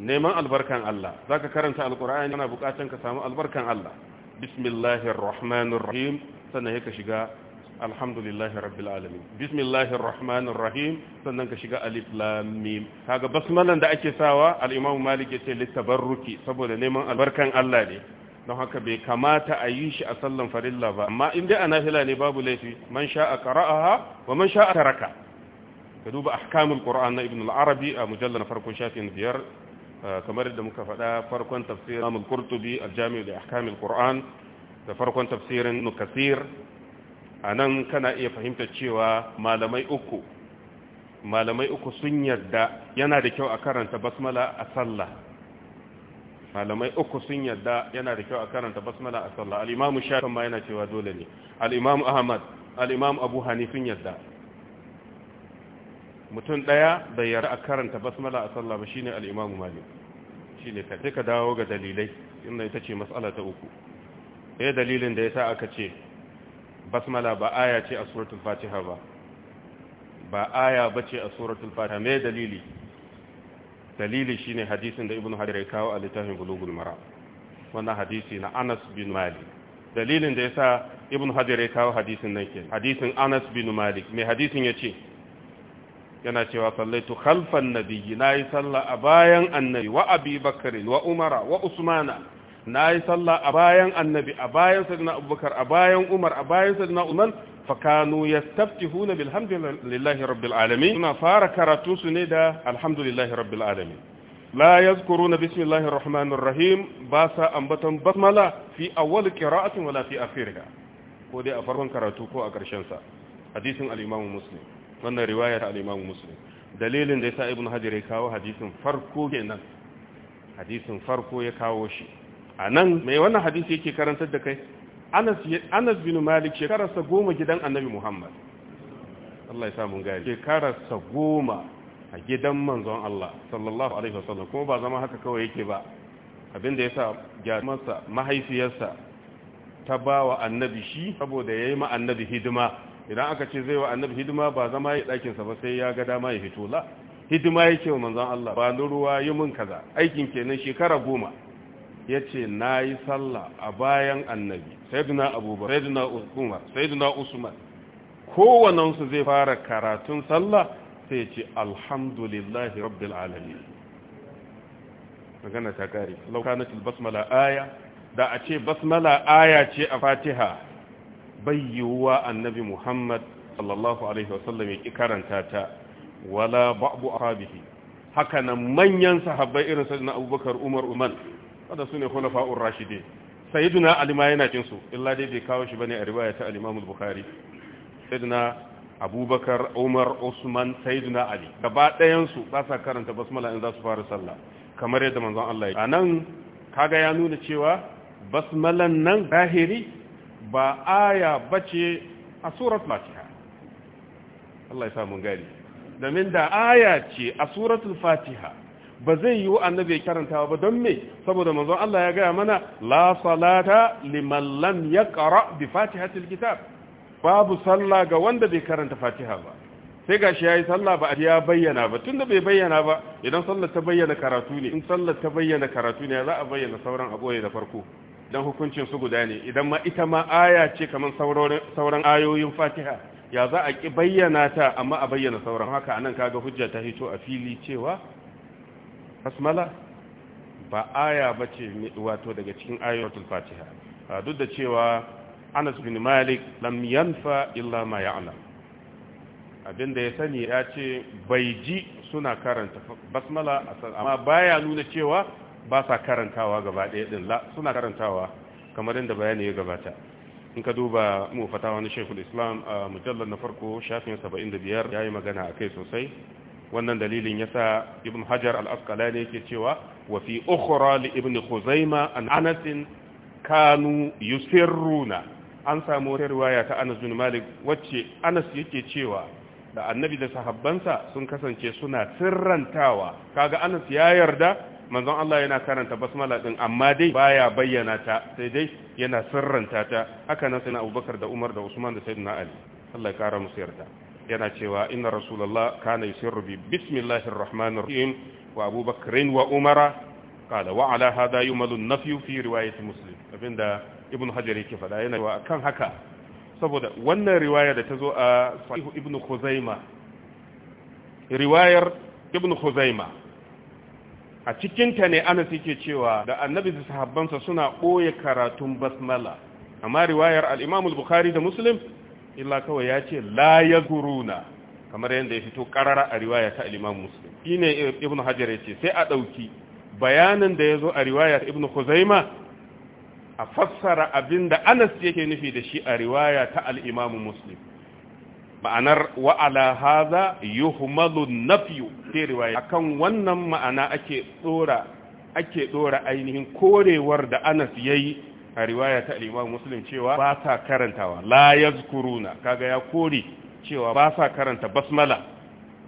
neman albarkan Allah za ka karanta alkur'ani yana bukatan ka samu albarkan Allah bismillahir rahmanir rahim sannan ka shiga alhamdulillahi rabbil alamin bismillahir rahmanir rahim sannan ka shiga alif lam mim kaga basmalan da ake sawa al-imam malik yace litabarruki saboda neman albarkan Allah ne don haka bai kamata a yi shi a sallan farilla ba amma in dai a nafila ne babu laifi man a qara'aha wa man a taraka ka duba ahkamul qur'an na ibn al-arabi a mujallal farkon shafin biyar kamar yadda muka faɗa farkon tafsirin Imam Qurtubi al-Jami' li ahkam quran da farkon tafsirin Ibn Kathir anan kana iya fahimtar cewa malamai uku malamai uku sun yadda yana da kyau a karanta basmala a sallah malamai uku sun yarda yana da kyau a karanta basmala a sallah al-Imam Shafi'i yana cewa dole ne al-Imam Ahmad al-Imam Abu Hanifa sun yadda. mutum ɗaya bai yara a karanta basmala a sallah ba shine al'imamu imam shi ne ka ka dawo ga dalilai inda ita ce matsala ta uku eh dalilin da ya sa aka ce basmala ba aya ce a suratul Fatiha ba ba aya bace a suratul Fatiha me dalili dalili shine hadisin da Ibn Hadirai ya kawo a littafin Bulughul mara wannan hadisi na Anas bin Malik dalilin da ya sa Ibn Hadirai ya kawo hadisin nan ke hadisin Anas bin Malik me hadisin ya ce. yana cewa sallaitu khalfan nabiyyi nayi sallah a bayan annabi wa abi bakr wa umara wa usmana nayi sallah a bayan annabi a bayan sayyidina abubakar a bayan umar a bayan sayyidina usman fa kanu yastaftihuna bilhamdillahi rabbil alamin suna fara karatu su ne da alhamdulillahi rabbil alamin la yazkuruna bismillahir rahmanir rahim ba sa ambaton basmala fi awwal qira'atin wala fi akhiriha ko dai a farkon karatu ko a karshen sa hadisin al-imam muslim wannan riwayar a imam dalilin da ya sa ibn hajar ya kawo hadisin farko hadisun farko ya kawo shi a nan mai wannan hadisi yake karantar da kai Anas bin Malik shekararsa goma gidan Annabi Muhammad Allah ya samun gari shekararsa goma a gidan manzon Allah sallallahu alaihi wasallam kuma ba zama haka kawai yake ba abinda sa jarumarsa mahaifiyarsa ta bawa annabi shi saboda ya yi ma annabi hidima idan aka ce zai wa annabi hidima ba zama ya ɗakinsa ba sai ya ga dama ya fito la hidima ya ce wa manzon Allah ba ni ruwa yi mun kaza aikin kenan shekara goma ya ce na yi sallah a bayan annabi sayyidina abubakar sayyidina umar na usman kowanensu zai fara karatun sallah sai ya ce alhamdulillahi rabbil alamin magana ta kare laukanatul basmala aya da a ce basmala aya ce a fatiha bayyuwa annabi Muhammad sallallahu alaihi wasallam ya ki karanta ta wala ba'bu arabihi haka nan manyan sahabbai irin sayyidina Abubakar Umar Uman wanda rashidin sayyidina Ali yana su illa dai bai kawo shi bane a riwaya ta al-Imam al-Bukhari sayyidina Abubakar Umar Usman sayyidina Ali gaba ɗayansu ba sa karanta basmala in za su fara sallah kamar yadda manzon Allah ya nan, kaga ya nuna cewa basmalan nan zahiri ba aya bace a surat fatiha Allah ya mun gani domin da aya ce a suratul fatiha ba zai yi wa annabi ya karanta ba don me saboda manzon Allah ya gaya mana la salata liman lam yaqra bi fatihatil kitab babu sallah ga wanda bai karanta fatiha ba sai gashi yayi sallah ba ya bayyana ba da bai bayyana ba idan sallar ta bayyana karatu ne in sallar ta bayyana karatu ne za a bayyana sauran abuwa da farko don hukuncin su guda ne idan ma ita ma aya ce kamar sauran ayoyin fatiha ya za a ki bayyana ta amma a bayyana sauran haka anan kaga hujja ta hito a fili cewa basmala ba aya ba ce wato daga cikin ayoyin fatiha A duk da cewa anas bin malik lam yanfa illa ma ya'lam abinda ya sani ya ce bai ji suna karanta basmala amma baya nuna cewa ba sa karantawa gaba ɗaya ɗin la suna karantawa kamar yadda bayani ya gabata in ka duba mu fata wani shekul islam a mujallar na farko shafin 75 ya yi magana a kai sosai wannan dalilin yasa ibn hajar al-asqalani yake cewa wa fi ukhra li ibn khuzaima an Anasin kanu yusirruna an samu wata riwaya ta Anas bin Malik wacce Anas yake cewa da annabi da sahabbansa sun kasance suna sirrantawa kaga Anas ya yarda manzon Allah yana karanta basmala din amma dai baya bayyana ta sai dai yana sirranta ta haka nan sai Abubakar da Umar da Usman da Sayyidina Ali Allah ya kara musu yarda yana cewa inna rasulullah kana yusirru bi bismillahir rahmanir rahim wa Abubakar wa Umar qala wa ala hadha yumalu an-nafy fi riwayat Muslim abinda Ibn Hajar yake fada yana cewa kan haka saboda wannan riwaya da ta zo a Sahih Ibn Khuzaimah riwayar Ibn Khuzaimah a cikinta ne anas yake cewa da annabi da sahabbansa suna ɓoye karatun basmala amma riwayar al al-bukhari da muslim illa kawai ya ce la ya guruna kamar yadda ya fito karara a riwaya ta al shi ne Ibn ibnu hajar yace sai a ɗauki bayanin da ya zo a riwaya ta ibnu khuzaima a fassara abinda anas yake nufi da shi a riwaya ta al-imam muslim ma'anar wa'ala haza yuhmalu nafiyu sai riwaya akan wannan ma'ana ake dora ake dora ainihin korewar da Anas yayi a riwaya ta al-Imam cewa ba sa karantawa la yazkuruna kaga ya kore cewa ba sa karanta basmala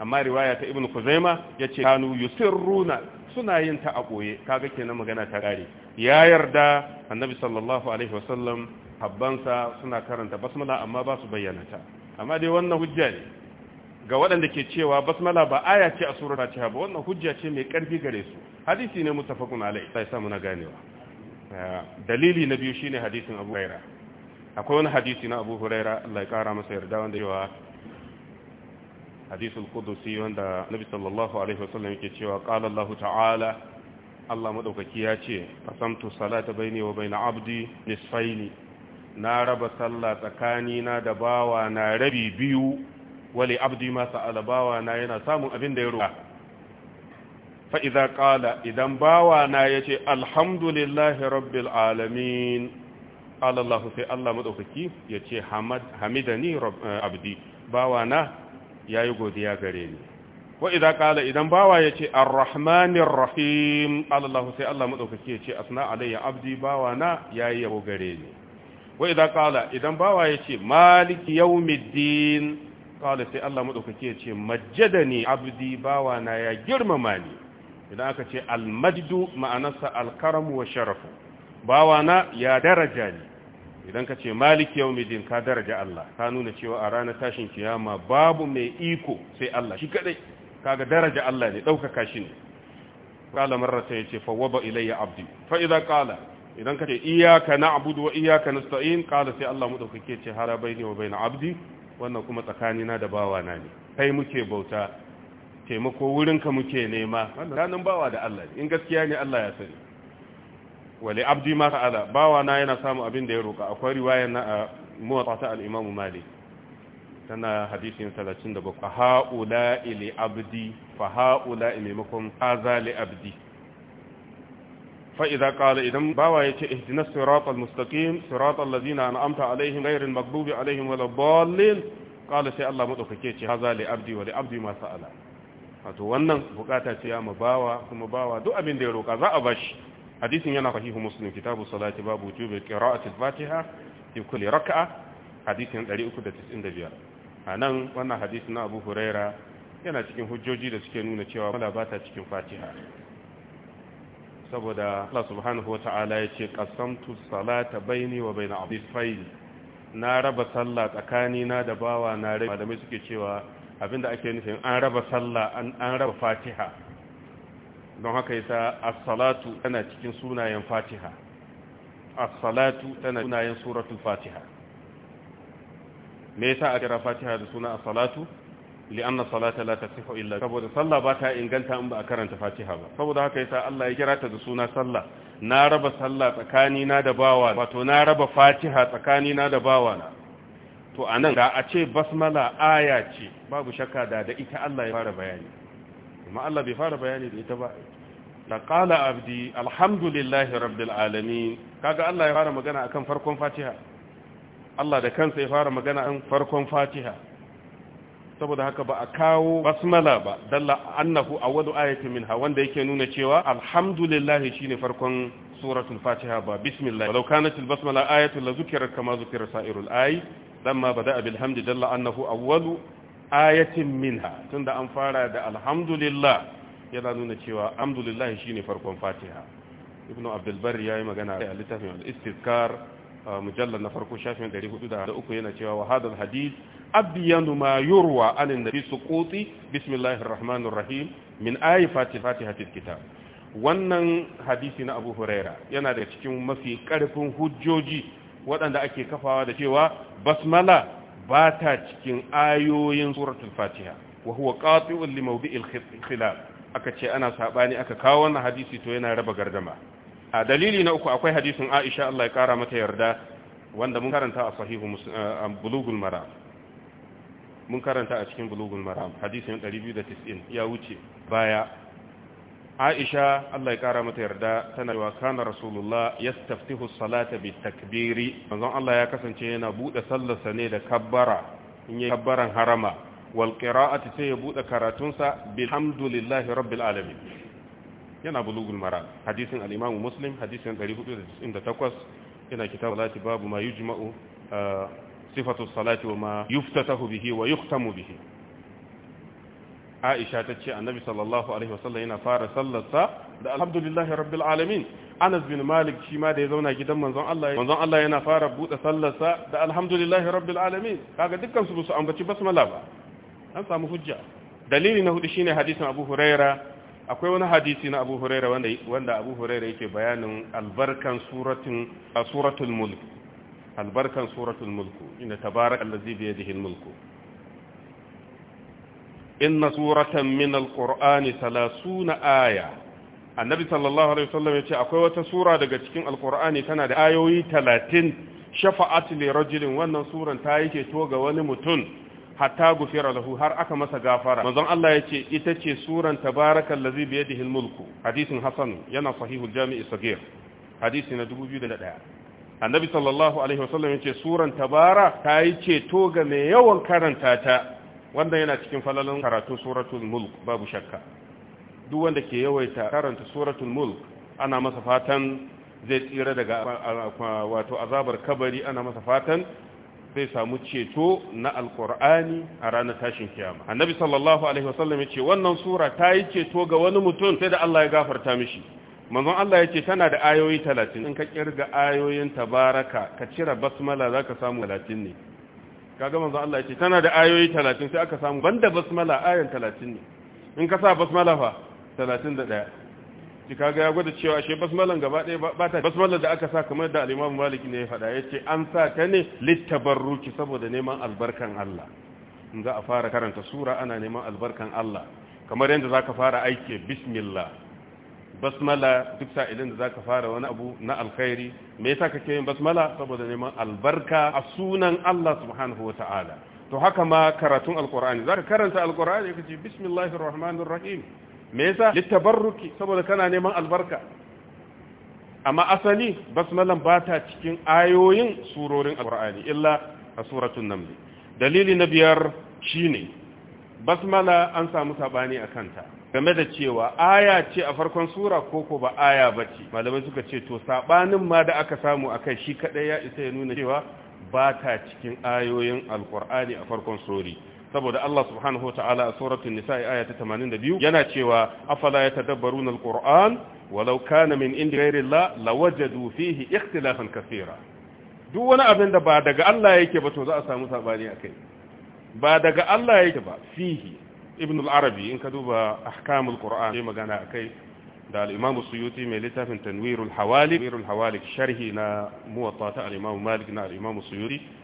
amma riwaya ta Ibn ya yace kanu yusirruna suna yin ta a boye kaga kenan magana ta kare ya yarda Annabi sallallahu alaihi wasallam habbansa suna karanta basmala amma ba su bayyana ta amma dai wannan hujja ne ga waɗanda ke cewa basmala ba aya ce a surar fatiha ba wannan hujja ce mai ƙarfi gare su hadisi ne mutafakun alai sai samu na ganewa dalili na biyu shine hadisin abu huraira akwai wani hadisi na abu huraira Allah ya kara masa yarda wanda cewa hadisul qudusi wanda nabi sallallahu alaihi wasallam yake cewa qala Allah ta'ala Allah madaukaki ya ce qasamtu salata baini wa baina abdi nisfaini na raba sallah tsakanina da bawa na rabi biyu wali abdi ma sa'ala bawa na yana samun abin da ya roƙa fa ƙala qala idan bawa na ya yace alhamdulillahi rabbil alamin qala Allah sai Allah madaukaki yace hamad hamidani eh, abdi bawa na ya yi godiya gare ni wa idza qala idan bawa ce arrahmanir rahim qala Allah sai Allah madaukaki yace asna alayya abdi bawa na ya yi yabo gare ni wa idan kala idan bawa ya ce maliki yawmiddin kala sai Allah madaukake ya ce majjadani abdi bawa na ya girmama ni idan aka ce almajdu ma'anarsa alkaramu wa sharafu bawa na ya daraja ni idan ka ce maliki yawmiddin ka daraja Allah ka nuna cewa a ranar tashin kiyama babu mai iko sai Allah shi kadai kaga daraja Allah ne ɗaukaka shi ne kala marrata yace fawaba ilayya abdi fa idan kala idan ka ce iyaka na'budu wa iyaka nasta'in qala sai Allah madaukake ce harabai ne wa baina abdi wannan kuma tsakanina da bawa na ne kai muke bauta taimako wurinka muke nema ranan bawa da Allah in gaskiya ne Allah ya sani wali abdi ma ta'ala bawa na yana samu abin da ya roka akwai riwaya na uh, muwatta al-Imam Malik tana hadisin 37 fa haula ili abdi fa haula maimakon haza li abdi فإذا قال إذن باوا يتي اهدنا الصراط المستقيم صراط الذين أنعمت عليهم غير المغضوب عليهم ولا الضالين قال سي الله مدوكيتي هذا لعبدي ولعبدي ما سأل wato wannan bukata ce ya mabawa kuma bawa duk abin da ya roka za a bashi hadisin yana sahihu muslim kitabu salati babu tubi qira'atul fatiha fi kulli rak'a hadisin 395 anan wannan hadisin na Abu Huraira yana cikin hujjoji da suke nuna cewa wala ba ta cikin fatiha saboda Allah subhanahu wa ta'ala ya ce qasamtu salata baini wa baina abdifai na raba sallah tsakani na da bawa na rai malamai suke cewa abinda ake nufin an raba sallah an raba fatiha don haka yasa as-salatu tana cikin sunayen fatiha as-salatu tana sunayen suratul fatiha me yasa aka fatiha da suna as-salatu li'anna salata la tasihu illa saboda sallah ba ta inganta in ba a karanta fatiha ba saboda haka yasa Allah ya kira ta da suna sallah na raba sallah tsakani na da bawa wato na raba fatiha tsakani na da bawa na to anan da a ce basmala aya ce babu shakka da da ita Allah ya fara bayani amma Allah bai fara bayani da ita ba la qala abdi alhamdulillahi rabbil alamin kaga Allah ya fara magana akan farkon fatiha Allah da kansa ya fara magana akan farkon fatiha saboda haka ba a kawo basmala ba dalla annahu awwalu ayatin minha wanda yake nuna cewa alhamdulillah shine farkon suratul fatiha ba bismillah walau kanat albasmala ayatun la zukirat kama zukira sa'irul ay lamma bada'a bilhamdi dalla annahu awwalu ayatin minha tunda an fara da alhamdulillah yana nuna cewa alhamdulillah shine farkon fatiha ibnu abdul barri yayi magana a littafin al mujallar na farko shafin 403 yana cewa wa hadal hadith abiyanu ma yurwa anin nabi suquti bismillahir rahmanir rahim min ayi fatihatil kitab wannan hadisi na Abu Huraira yana da cikin mafi karfin hujjoji waɗanda ake kafawa da cewa basmala ba ta cikin ayoyin suratul fatiha wa huwa qati'un li mawdi'il khilaf aka ce ana sabani aka kawo wannan hadisi to yana raba gardama a dalili na uku akwai hadisin Aisha Allah ya kara mata yarda wanda mun karanta a sahihu bulugul maram mun karanta a cikin bulugul maram hadisin 290 ya wuce baya Aisha Allah ya kara mata yarda tana cewa kana rasulullah yastaftihu salata bi takbiri manzon Allah ya kasance yana bude sallarsa ne da kabbara in yi kabbaran harama wal qira'ati sai ya bude sa bilhamdulillahi rabbil alamin yana bulugul mara hadisin al-imam muslim hadisin 498 yana kitab salati babu ma yujma'u uh, sifatu salati wa ma yuftatahu bihi wa yukhtamu bihi Aisha ta ce annabi sallallahu alaihi wasallam yana fara sallarsa da alhamdulillahi rabbil alamin Anas bin Malik shi ma da ya zauna gidan manzon Allah manzon Allah yana fara bude sallarsa da alhamdulillahi rabbil alamin kaga dukkan su su ambaci basmala ba an samu hujja dalili na hudu shine hadisin Abu Huraira akwai wani hadisi na abu huraira wanda, abu huraira yake bayanin albarkan suratun a suratul mulk albarkan suratul mulku inda tabarak allazi bi yadihi mulku inna suratan min alqur'ani na aya annabi sallallahu alaihi wasallam ce akwai wata sura daga cikin alqur'ani tana da ayoyi talatin shafa'at li rajulin wannan suran ta yake to ga wani mutum hatta gufira lahu har aka masa gafara manzon Allah yace ita ce suran tabarakal ladzi bi yadihi mulku hadisin hasan yana sahihul jami'i sagir hadisi na 2001 annabi sallallahu alaihi wasallam yace suran tabara ta yi ceto ga mai yawan karanta ta wanda yana cikin falalin karatun suratul mulk babu shakka duk wanda ke yawaita karanta suratul mulk ana masa fatan zai tsira daga wato azabar kabari ana masa fatan zai samu ceto na alkur'ani a ranar tashin kiyama annabi sallallahu alaihi wasallam ya ce wannan sura ta yi ceto ga wani mutum sai da Allah ya gafarta mishi manzon Allah ya ce tana da ayoyi 30 in ka kirga ayoyin tabaraka ka cire basmala zaka samu 30 ne kaga manzon Allah ya ce tana da ayoyi 30 sai aka samu banda basmala ayan 30 ne in ka sa basmala fa 31 ki kaga ya gwada cewa ashe basmalan gaba ɗaya ba ta basmalan da aka sa kamar da al-Imam Malik ne ya faɗa yace an sa ta ne litabarruki saboda neman albarkan Allah in za a fara karanta sura ana neman albarkan Allah kamar yadda zaka fara aiki bismillah basmala duk sa'ilin da zaka fara wani abu na alkhairi me yasa kake yin basmala saboda neman albarka a sunan Allah subhanahu wataala to haka ma karatun alqur'ani zaka karanta alqur'ani kace bismillahir rahmanir rahim me yasa litabarruki saboda kana neman albarka amma asali basmalan ba ta cikin ayoyin surorin alqur'ani illa a suratul naml dalili na biyar shine basmala an samu sabani a kanta game da cewa aya ce a farkon sura ko ko ba aya bace malamai suka ce to sabanin ma da aka samu akai shi kadai ya isa ya nuna cewa ba ta cikin ayoyin alqur'ani a farkon sura saboda Allah subhanahu wataala a suratul nisa'i aya ta 82 yana cewa afala yatadabbaruna alquran walau kana min indi ghairi la lawajadu fihi ikhtilafan kaseera duk wani abin da ba daga Allah yake ba to za a samu sabani akai ba daga Allah yake ba fihi ibn al-arabi in ka duba ahkamul qur'an sai magana akai da al-imam suyuti mai littafin tanwirul hawali tanwirul hawali sharhi na muwatta ta al-imam malik na al-imam suyuti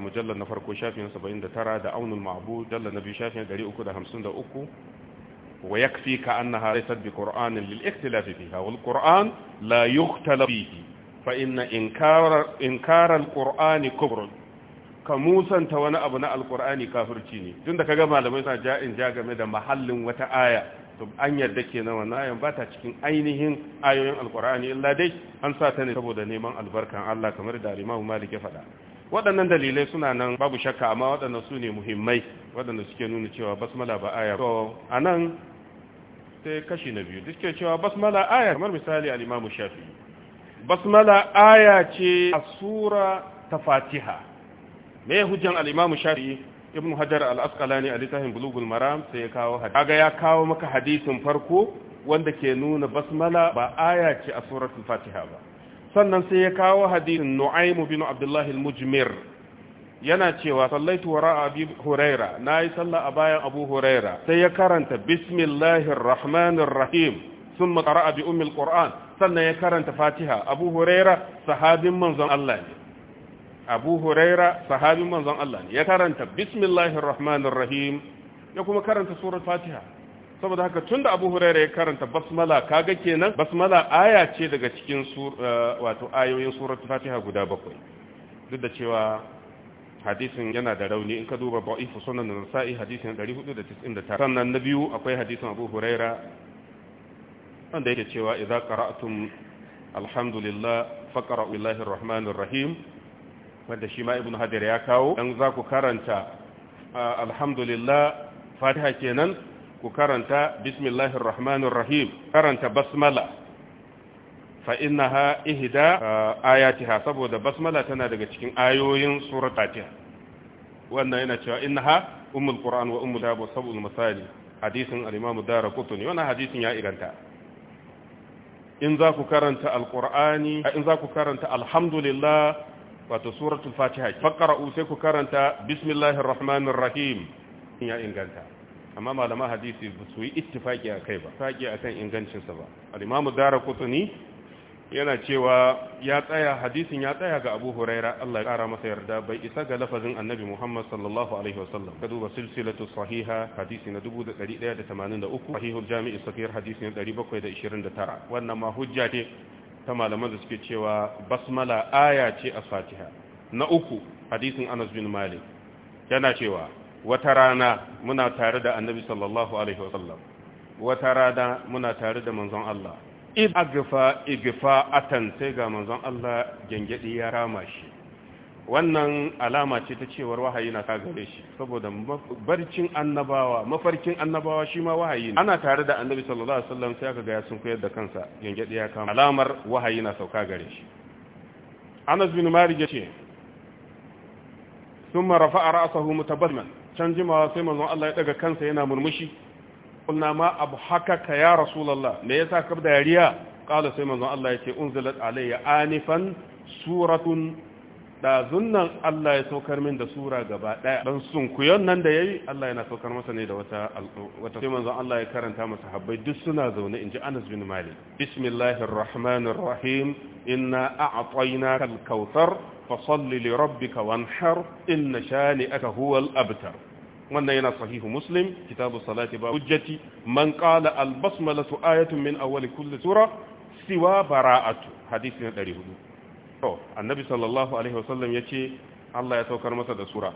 mujallar na farko shafin 79 da aunul ma'abu jallar na biyu shafin 353 wa yakfi ka annaha laysat bi qur'anin lil ikhtilaf fiha wal qur'an la yukhtalaf fihi fa inna inkara inkara al qur'ani ka musanta wani abu na alqur'ani kafirci ne ka ga malamai sa ja'in ja game da mahallin wata aya to an yarda kenan wannan ayan ba ta cikin ainihin ayoyin alqur'ani illa dai an sa ta ne saboda neman albarkan Allah kamar da Imam Malik faɗa waɗannan dalilai suna nan babu shakka amma waɗannan su ne muhimmai waɗanda suke nuna cewa basmala ba aya to a nan sai kashi na biyu duk cewa basmala aya kamar misali al'imamu shafi basmala aya ce a sura ta fatiha me hujjan al'imamu shafi ibn hajar al'askalani a littafin bulugul maram sai ya kawo hadisi kaga ya kawo maka hadisin farko wanda ke nuna basmala ba aya ce a suratul fatiha ba sannan sai ya kawo hadisin nu'aymu bin abdullah al-mujmir yana cewa sallaitu wara abi huraira nayi sallah a bayan abu huraira sai ya karanta bismillahir rahmanir rahim thumma qara'a bi ummi al-qur'an sannan ya karanta fatiha abu huraira sahabin manzon Allah ne abu huraira sahabin manzon Allah ne ya karanta bismillahir rahmanir rahim ya kuma karanta surat fatiha saboda haka tun da abu huraira ya karanta basmala kaga kenan basmala aya ce daga cikin eh, wato ayoyin suratul fatiha guda bakwai duk da cewa hadisin yana da rauni in ka duba ba'ifu sunan nasa'i hadisin 499 sannan na biyu akwai hadisin abu huraira wanda yake cewa idza qara'tum alhamdulillah faqra billahi arrahmanir rahim wanda shi ma ibnu hadir ya kawo dan za ku karanta ah, alhamdulillah fatiha kenan ku karanta bismillahir rahmanir rahim karanta basmala fa innaha ihda uh, ayatiha saboda basmala tana daga cikin ayoyin surat fatiha wannan yana cewa innaha ummul qur'an wa ummu dabu sabul masali hadisin al-imam ad-darqutni wannan hadisin ya iranta in za ku karanta alqur'ani uh, in za ku karanta alhamdulillah wato suratul fatiha faqra'u sai ku karanta bismillahir rahmanir rahim ya inganta amma malama hadisi ba su yi ittifaki a kai ba ittifaki a kan ingancinsa ba al'imamu dara kutuni yana cewa ya tsaya hadisin ya tsaya ga abu huraira allah ya kara masa yarda bai isa ga lafazin annabi muhammad sallallahu alaihi wasallam ka duba silsilatu sahiha hadisi na 1183 sahihul jami'i safiyar hadisi na 729 wannan ma hujja ce ta malaman da suke cewa basmala aya ce a fatiha na uku hadisin anas bin malik yana cewa wata rana muna tare da annabi sallallahu alaihi wasallam wata rana muna tare da manzon Allah igfa igfa atan sai ga manzon Allah gengedi ya rama shi wannan alama ce ta cewar wahayi na gare shi saboda barcin annabawa mafarkin annabawa shi ma wahayi ne ana tare da annabi sallallahu alaihi wasallam sai aka ga ya sunkuyar da kansa gengedi ya kama alamar wahayi na sauka gare shi Anas bin Malik yace ثم رفع رأسه متبسما can jimawa sai manzon Allah ya daga kansa yana murmushi kulna ma abu haka ka ya rasulallah me yasa ka yariya kala sai manzon Allah yake unzilat alayya anifan suratun da zunnan Allah ya saukar min da sura gaba daya dan sunkuyon nan da yayi Allah yana saukar masa ne da wata wata sai manzon Allah ya karanta masa habbai duk suna zaune inji Anas bin Malik bismillahir rahmanir rahim inna a'tainaka kautsar fasalli li rabbika wanhar inna shani'aka huwal abtar wannan yana sahihu muslim kitabu salati ba hujjati man qala al su ayatun min awwali kulli sura siwa bara'atu hadisi na 400 to annabi sallallahu alaihi wasallam yace Allah ya saukar masa da sura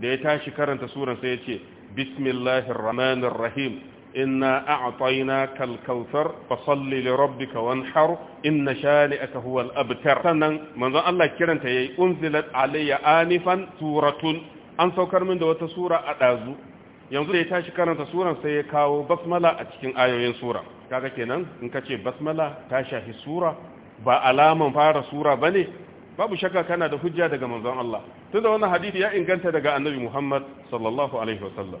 da ya tashi karanta suran sai yace bismillahir rahmanir rahim inna a'tayna kal kautsar fa salli li rabbika wanhar inna shani'aka huwal abtar sannan manzon Allah kiranta yayi unzilat alayya anifan suratun an saukar min da wata sura a dazu yanzu da ya tashi karanta suran sai ya kawo basmala a cikin ayoyin sura kaga kenan in ce basmala ta shafi sura ba alaman fara sura ba ne? babu shakka kana da hujja daga manzon Allah tunda wannan hadisi ya inganta daga annabi Muhammad sallallahu alaihi wasallam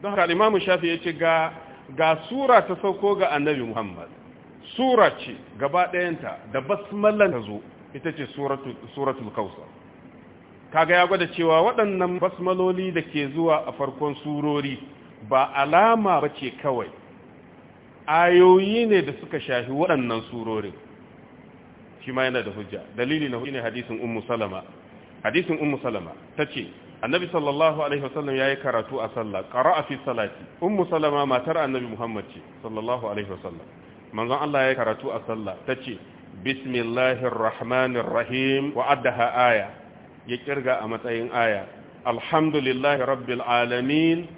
don shafi ya ce ga ga sura ta sauko ga annabi Muhammad sura ce gaba ɗayanta da basmala ta zo ita ce suratul kausar kaga ya gwada cewa waɗannan basmaloli da ke zuwa a farkon surori ba alama ba ce kawai ayoyi ne da suka shafi waɗannan surorin shi ma yana da hujja dalili na hujji ne hadisin ummu salama hadisin ummu salama ta ce annabi sallallahu alaihi wasallam yayi karatu a sallah qara'a fi salati ummu salama matar annabi muhammad ce sallallahu alaihi wasallam manzon Allah yayi karatu a sallah tace bismillahir rahmanir rahim wa addaha aya ya kirga a matsayin aya alhamdulillahi rabbil alamin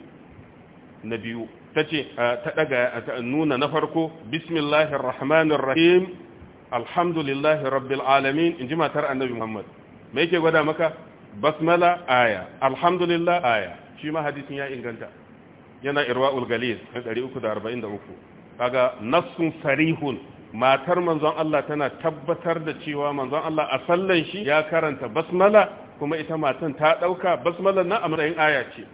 na biyu tace eh, ta daga ta nuna na farko bismillahir rahmanir rahim alhamdulillahi rabbil alamin inji matar annabi muhammad me yake gwada maka basmala aya alhamdulillah aya shi ma hadisin ya inganta yana irwa'ul galil 343 kaga nassun sarihun matar manzon Allah tana tabbatar da cewa manzon Allah a sallan shi ya karanta basmala kuma ita matan ta dauka basmalan na a matsayin aya ce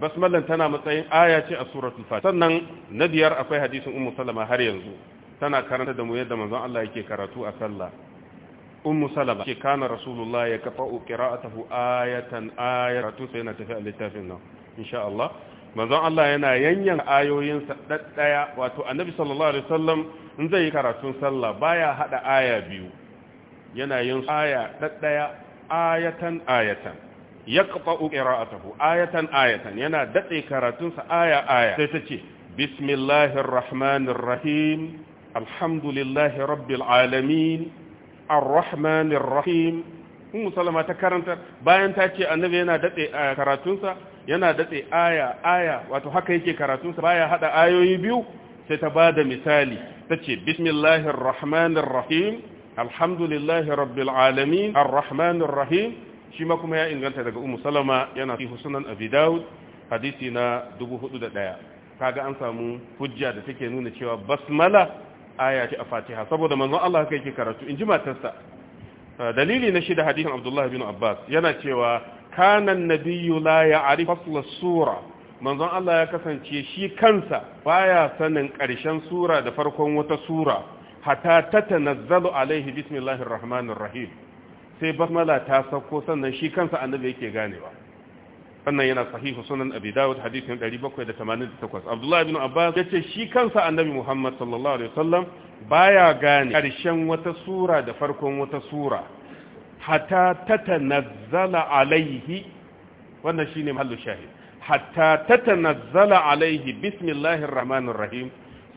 basmalan tana matsayin aya ce a suratul fatiha sannan na biyar akwai hadisin ummu salama har yanzu tana karanta da mu yadda manzon Allah yake karatu a sallah ummu salama ke kana rasulullah ya kafa qira'atahu ayatan ayatu sai na tafi a littafin nan insha Allah manzon Allah yana yanyan ayoyin sa daddaya wato annabi sallallahu alaihi wasallam in zai yi karatun sallah baya hada aya biyu yana yin aya daddaya ayatan ayatan ayatan ayatan yana dade karatun sa aya aya sai ta ce bismillahir rahmanir rahim alhamdulillahi rabbil alamin ar-rahmanir rahim ummu ta karanta bayan ta ce annabi yana dade karatunsa yana dade aya aya wato haka yake karatunsa baya hada ayoyi biyu sai ta da misali tace bismillahir rahmanir rahim alhamdulillahi rabbil alamin arrahmanir rahim shi ma kuma ya inganta daga ummu salama yana fi sunan abi daud hadisi na da 4001 kaga an samu hujja da take nuna cewa basmala aya ce a fatiha saboda manzon Allah haka yake karatu in ji matarsa ah, dalili na shi da hadisin abdullahi bin abbas yana cewa kana nabiyyu la ya'rif fasl sura manzon Allah ya kasance shi kansa baya sanin karshen sura da farkon wata sura hatta tatanazzalu alaihi bismillahir rahmanir rahim sai basmala ta sauko sannan shi kansa annabi yake ganewa sannan yana sahihu sunan abi dawud hadisin 788 abdullahi ibn abbas yace shi kansa annabi muhammad sallallahu alaihi wasallam baya gane karshen wata sura da farkon wata sura hatta tatanazzala alaihi wannan shine mahallu shahid hatta tatanazzala alaihi bismillahir rahmanir rahim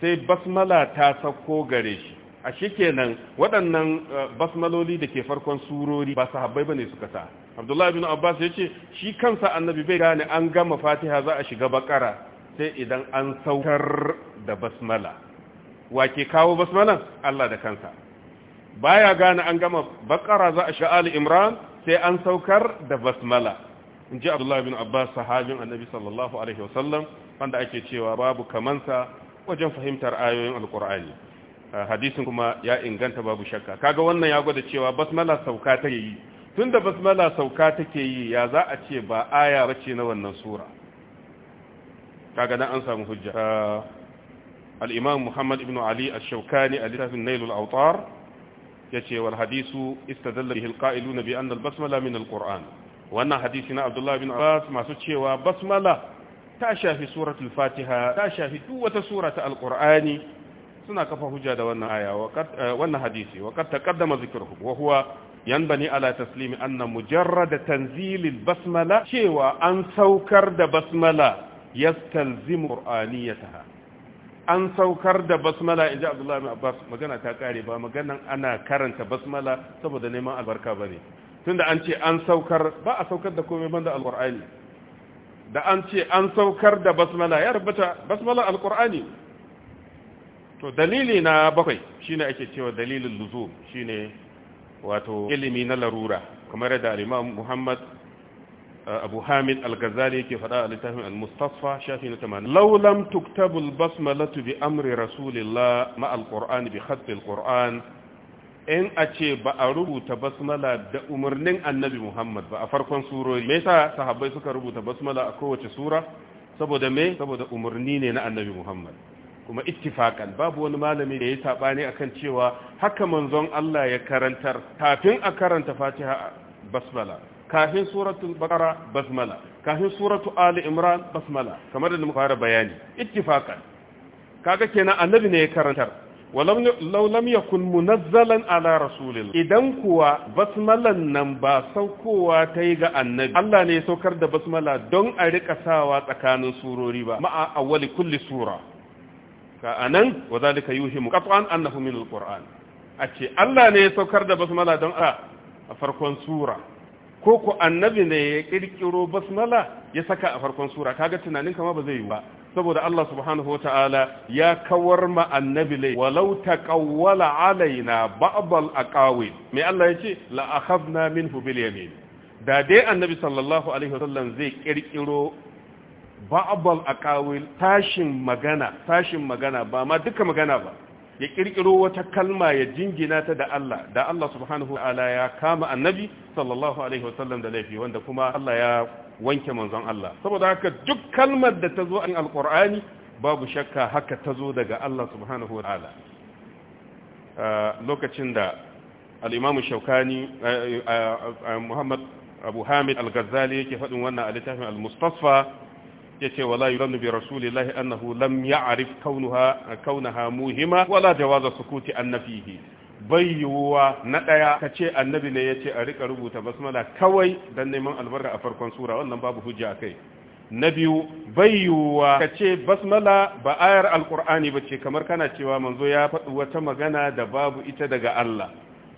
sai basmala ta sako gare shi a shikenan waɗannan eh, basmaloli da ke farkon surori ba sahabbai bane suka sa abdullahi bin abbas ya ce shi kansa annabi bai gane an gama fatiha za a shiga bakara sai idan an saukar da basmala wake kawo basmalan allah da kansa baya gane an gama bakara za a sha ali imran sai an saukar da basmala in ji abdullahi bin abbas sahabin annabi sallallahu alaihi wasallam wanda ake cewa babu kamansa wajen fahimtar ayoyin alkur'ani hadisin kuma ya inganta babu shakka kaga wannan ya gwada cewa basmala sauka ta yi tun da basmala sauka take yi ya za a ce ba aya bace na wannan sura kaga nan an samu hujja al-imam muhammad ibn ali ash-shawkani a littafin nailul autar yace wal hadisu istadalla bihi al-qa'iluna bi anna al-basmala min al-qur'an wannan hadisi na abdullah ibn abbas masu cewa basmala ta shafi suratul fatiha ta shafi duk wata sura ta alqur'ani suna kafa hujja da wannan aya eh, wannan hadisi wa qad taqaddama dhikruhu wa huwa yanbani ala taslimi anna mujarrada tanzilil basmala cewa an saukar da basmala yastalzimu qur'aniyataha an saukar da basmala inji Abdullahi bin Abbas magana ta kare ba maganan ana karanta basmala saboda neman albarka bane tunda an ce an saukar ba a saukar da komai banda alqur'ani da an ce an saukar da basmala ya rubuta basmala alqur'ani to dalili na bakwai shine ake cewa dalilin luzum shine wato ilimi na larura kamar da al-Imam Muhammad uh, Abu Hamid Al-Ghazali yake faɗa a littafin Al-Mustafa shafi na 80 law basmalatu bi amri rasulillah ma al-Qur'an bi khatti quran in a ce ba a rubuta basmala da umarnin Annabi Muhammad ba a farkon surori me yasa sahabbai suka rubuta basmala a kowace sura saboda me saboda umarni ne na Annabi Muhammad kuma ittifaqan babu wani malami da ya ne akan cewa haka manzon Allah ya karantar kafin a karanta Fatiha basmala kafin suratul baqara basmala kafin suratul ali imran basmala kamar da muka fara bayani ittifaqan kaga kenan annabi ne ya karantar walam law lam yakun munazzalan ala rasulillah idan kuwa basmalan nan ba saukowa ta yi ga annabi Allah ne ya saukar da basmala don a rika sawa tsakanin surori ba ma'a awwali kulli sura ka anan wa zalika yuhimu an annahu min alquran a ce Allah ne ya saukar da basmala don a a farkon sura ko ko annabi ne ya kirkiro basmala ya saka a farkon sura kaga tunanin kama ba zai yi ba saboda Allah subhanahu ta'ala ya kawar ma annabi lai walau taqawwala alaina ba'dal aqawil me Allah yace la akhadna minhu bil yamin da dai annabi sallallahu alaihi wasallam zai kirkiro ba'abal aqawil tashin magana tashin magana ba ma duka magana ba ya kirkiro wata kalma ya jingina ta da Allah da Allah subhanahu wa ta'ala ya kama annabi sallallahu alaihi wasallam da laifi wanda kuma Allah ya wanke manzon Allah saboda haka duk kalmar da ta zo a alqur'ani babu shakka haka ta zo daga Allah subhanahu wa ta'ala ah, lokacin da al-Imam shaukani eh, eh, eh, Muhammad Abu Hamid Al-Ghazali yake faɗin wannan a littafin Al-Mustafa yace wala yurannu bi rasulillahi annahu lam ya'rif kaunaha muhima wala jawaza sukuti annafihi bayyuwa na daya kace annabi ne yace a rika rubuta basmala kawai dan neman albarka a farkon sura wannan babu hujja kai na biyu ka kace basmala ba ayar alqur'ani bace kamar kana cewa manzo ya faɗi wata magana da babu ita daga Allah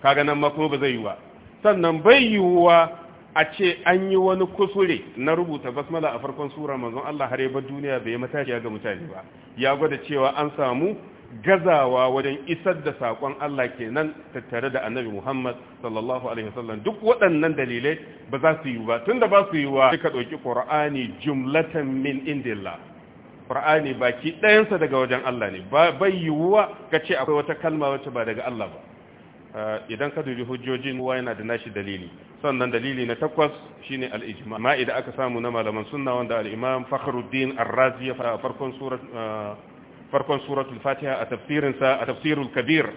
kaga nan ma kuma ba zai yi ba sannan yiwuwa. a ce an yi wani kusure na rubuta basmala a farkon sura manzon Allah har yaba duniya bai matashiya ga mutane ba ya gwada cewa an samu gazawa wajen isar da sakon Allah kenan tattare da Annabi Muhammad sallallahu alaihi wasallam duk waɗannan dalilai ba za su yi ba tunda ba su yi wa ka ɗauki Qur'ani jumlatan min indillah Qur'ani baki ɗayansa daga wajen Allah ne ba bai yiwuwa ka ce akwai wata kalma wacce ba daga Allah ba Eh, idan ka dubi hujjojin kowa yana da nashi dalili sannan dalili na takwas shine al-ijma ma'i da aka samu na malaman sunna wanda al-imam Fakhruddin Ar-Razi ya fara farkon surat eh, farkon suratul Fatiha a tafsirin sa a tafsirul Kabir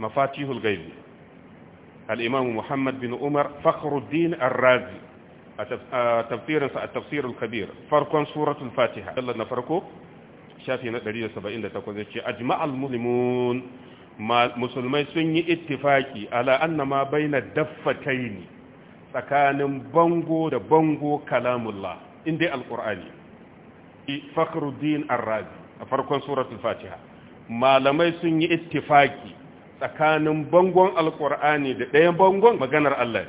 mafatihul ghaib al-imam Muhammad bin Umar Fakhruddin Ar-Razi a tafsirin sa a tafsirul Kabir farkon suratul Fatiha Allah na farko shafi na 178 yace ajma'al muslimun musulmai sun yi ittifaki ala annama baina daffataini tsakanin bango da bango kalamullah inda alqur'ani fakhruddin ar a farkon suratul fatiha malamai sun yi ittifaki tsakanin bangon alqur'ani da ɗayan bangon maganar Allah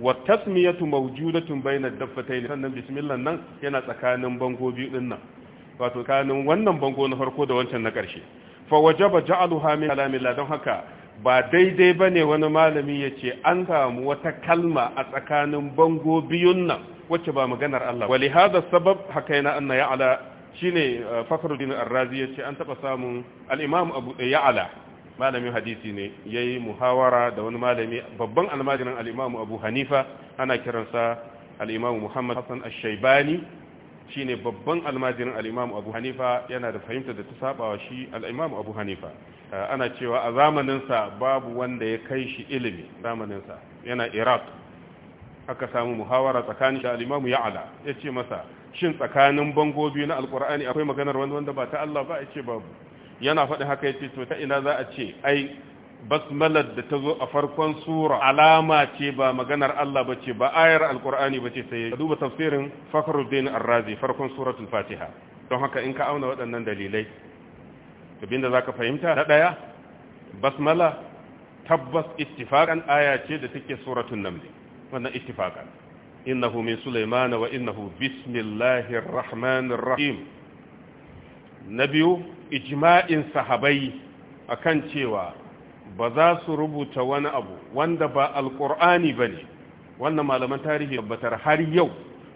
wa tasmiyatu mawjudatun baina daffataini sannan bismillah nan yana tsakanin bango biyu din wato tsakanin wannan bango na farko da wancan na ƙarshe fa wajaba ja'aluha min kalamillah don haka ba daidai bane wani malami yace an samu wata kalma a tsakanin bango biyun nan wacce ba maganar Allah wali hada sabab hakaina anna ya'ala shine uh, fakhruddin ar-razi ce an taba samun al-imam abu ya'ala malamin hadisi ne yayi muhawara da wani malami babban almajirin al-imam abu hanifa ana kiransa al-imam muhammad hasan ash-shaybani shine babban almajirin al Abu Hanifa yana da fahimta da ta sabawa shi al'imam Abu Hanifa eh, ana cewa a zamanin sa babu wanda ya kai shi ilimi zamanin sa yana Iraq aka samu muhawara tsakanin shi al'imamu imam ya ce masa shin tsakanin bango biyu na alkur'ani akwai maganar wani wanda ba ta Allah ba yace babu yana faɗin haka ya ce to ta ina za a ce ai basmalar da ta zo a farkon sura alama ce ba maganar Allah ba ce ba ayar alkur'ani ba ce sai duba tafsirin fakhruddin ar-razi farkon suratul fatiha don haka in ka auna waɗannan dalilai abinda zaka fahimta na daya basmala tabbas ittifaqan aya ce da take suratul naml wannan ittifaqan innahu min sulaymana wa innahu bismillahir rahmanir rahim na biyu ijma'in sahabai akan cewa ba za su rubuta wani abu wanda ba alƙur'ani ba ne wannan malaman tarihi tabbatar har yau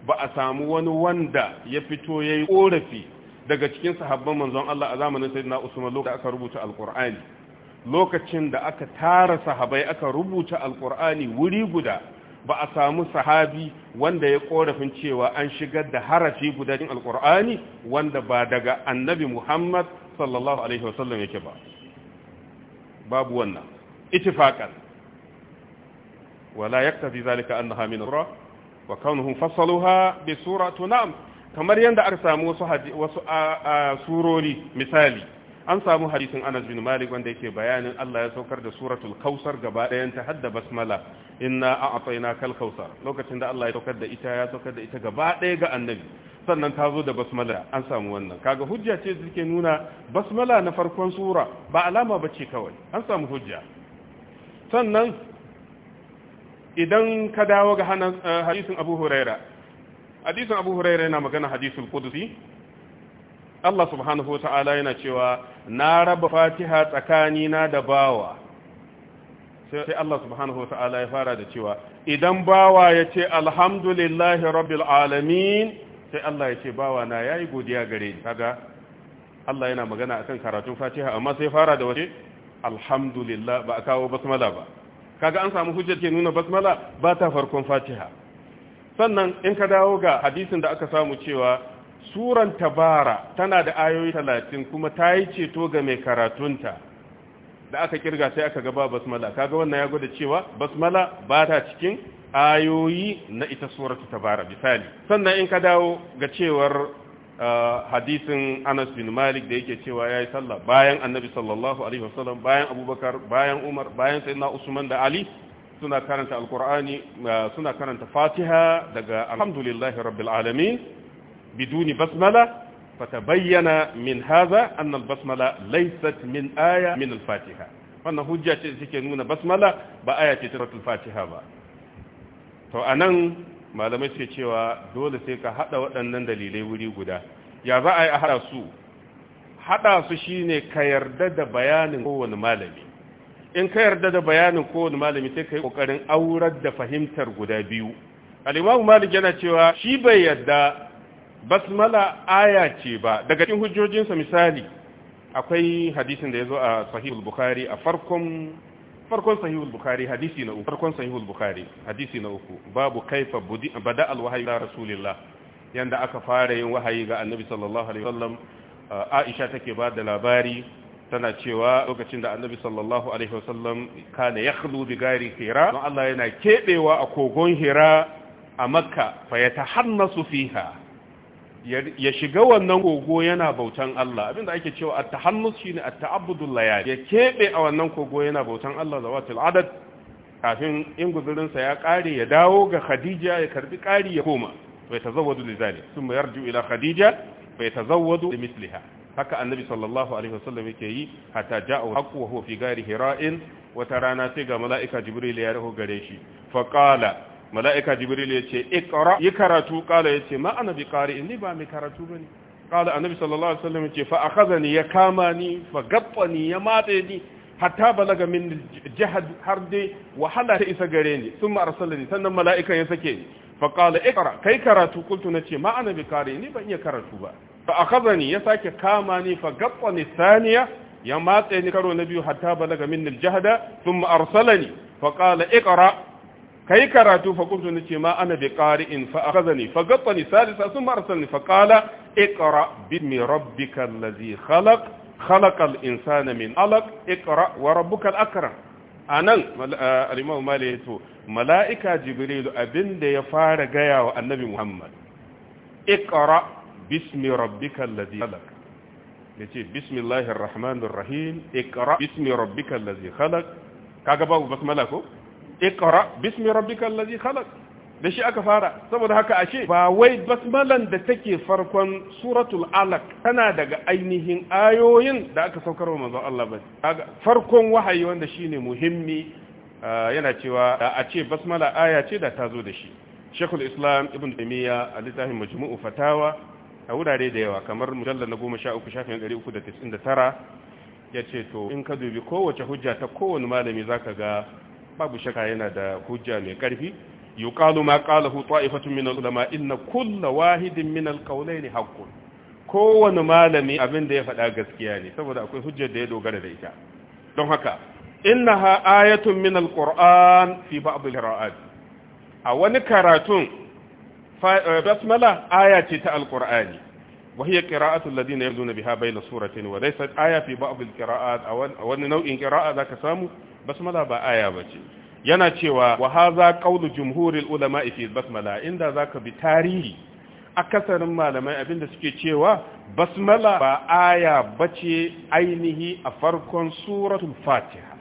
ba a samu wani wanda ya fito ya yi ƙorafi daga cikin sahabban manzon Allah a zamanin sai na usman lokacin da aka rubuta alkur'ani lokacin da aka tara sahabai aka rubuta alkur'ani wuri guda ba a samu sahabi wanda ya korafin cewa an shigar da harafi guda cikin alkur'ani wanda ba daga annabi muhammad sallallahu alaihi wasallam yake ba babu wannan ittifaqan wala yaktafi zalika annaha min sura wa kaunuhum fassaluha bi suratu na'am kamar yanda aka samu wasu wasu surori misali an samu hadisin Anas bin Malik wanda yake bayanin Allah ya saukar da suratul Kausar gaba ɗayan ta hadda basmala inna a'tainakal kausar lokacin da Allah ya saukar da ita ya saukar da ita gaba ɗaya ga annabi sannan ta zo da basmala an samu wannan kaga hujja ce da ke nuna basmala na farkon sura ba alama ba ce kawai an samu hujja sannan idan ka dawo ga eh, hadisin abu huraira hadisin abu huraira yana magana hadisul qudusi Allah subhanahu wa ta'ala yana cewa na raba fatiha tsakanina da bawa sai Allah subhanahu wa ta'ala ya fara da cewa idan bawa ya ce alhamdulillahi rabbil alamin sai Allah ya ce bawa na yayi godiya gare ni kaga Allah yana magana akan karatun Fatiha amma sai fara da wace alhamdulillah ba a kawo basmala ba kaga an samu hujjar ke nuna basmala ba ta farkon Fatiha sannan in ka dawo ga hadisin da aka samu cewa suran tabara tana da ayoyi talatin kuma ta yi ceto ga mai karatunta da aka kirga sai aka ga gaba basmala kaga wannan ya gwada cewa basmala ba ta cikin ayoyi na ita suratu tabara misali sannan in ka dawo ga cewar uh, hadisin Anas bin Malik da yake cewa yayi sallah bayan Annabi sallallahu alaihi wasallam bayan Abubakar bayan Umar bayan Sayyidina Usman da Ali suna karanta alkur'ani uh, suna karanta Fatiha daga alhamdulillahi rabbil alamin biduni basmala fatabayyana min hadha anna albasmala laysat min aya min alfatiha wannan hujja ce take nuna basmala ba aya ce ta fatiha ba to a nan malamai suke cewa dole sai ka haɗa waɗannan dalilai wuri guda ya za a yi a haɗa su haɗa su shi ne ka yarda da bayanin kowane malami in ka yarda da bayanin kowane malami sai ka yi ƙoƙarin aurar da fahimtar guda biyu al'imamu malik yana cewa shi bai yarda basmala aya ce ba daga cikin hujjojinsa misali akwai hadisin da ya zo a sahihul bukhari a farkon farkon sahihul bukhari hadisi na uku farkon sahihul bukhari hadisi na uku babu kaifa bada alwahayi da rasulillah yanda aka fara yin wahayi ga annabi sallallahu alaihi wasallam uh, aisha take ba da labari tana cewa lokacin da annabi sallallahu alaihi wasallam kana yakhlu bi gari hira don Allah yana kebewa a kogon hira a makka fa yatahannasu fiha ya shiga wannan kogo yana bautan Allah abinda ake cewa at-tahannus shine at-ta'abbudul layali ya kebe a wannan kogo yana bautan Allah zawatul adad kafin in guzurin sa ya kare ya dawo ga Khadija ya karbi kari ya koma bai tazawwadu li zalik thumma yarju ila Khadija bai tazawwadu li misliha haka annabi sallallahu alaihi wasallam yake yi hatta ja'a haqu wa huwa fi ghairi hira'in wata rana sai ga mala'ika jibril ya raho gare shi fa qala mala'ika jibril ya ce Ikara yi karatu kala ya ce ma bi qari ni ba mai karatu bane kala annabi sallallahu alaihi wasallam ya ce fa a akhazani ya kama ni fa gabbani ya matse ni hatta balaga min jihad har dai wahala ta isa gare ni sun arsalani sannan mala'ika ya sake ni fa qala ikra kai karatu kuntu nace ma ana bi kare ni ban iya karatu ba fa a akhadhani ya sake kama ni fa gabbani Saniya ya matse ni karo na biyu hatta balaga min jihada sun arsalani fa qala Ikara. kai karatu fa kuntu nace ma ana bi qari'in fa akhadhani fa gattani salisa thumma arsalni fa qala iqra bismi rabbikal ladhi khalaq khalaqal insana min alaq iqra wa rabbukal akram anan al-imam malik yato mala'ika jibril abinda ya fara gaya wa annabi muhammad iqra bismi rabbikal ladhi khalaq yace bismillahir rahmanir rahim iqra bismi rabbikal ladhi khalaq kaga babu basmala ko ikra bismi rabbikal ladhi khalaq da shi aka fara saboda haka ashe ba wai basmalan da take farkon suratul alaq tana daga ainihin ayoyin da aka saukar wa manzo Allah ba farkon wahayi wanda shine muhimmi yana cewa da a ce basmala aya ce da ta zo da shi shekul islam ibn taymiya a littafin majmu'u fatawa a wurare da yawa kamar mujallal na goma sha shafin ɗari uku ya ce to in ka dubi kowace hujja ta kowane malami zaka ga babu shaka yana da hujja mai karfi yuqalu ma qalahu ta'ifatun min al-ulama inna kulla wahidin min al-qawlayn haqqun kowane malami abin da ya faɗa gaskiya ne saboda akwai hujjar da ya dogara da ita don haka innaha ayatun min al-qur'an fi ba'd al-ra'at a wani karatun eh, basmala aya ce ta al-qur'ani وهي قراءة الذين يبدون بها بين سورة aya fi في بعض القراءات أو wani nau'in قراءة zaka samu. basmala ba aya bace yana cewa wa hadha qawlu jumhuril ulama fi basmala inda zaka bi tarihi akasarin malamai abinda suke cewa basmala ba aya bace ainihi a farkon suratul fatiha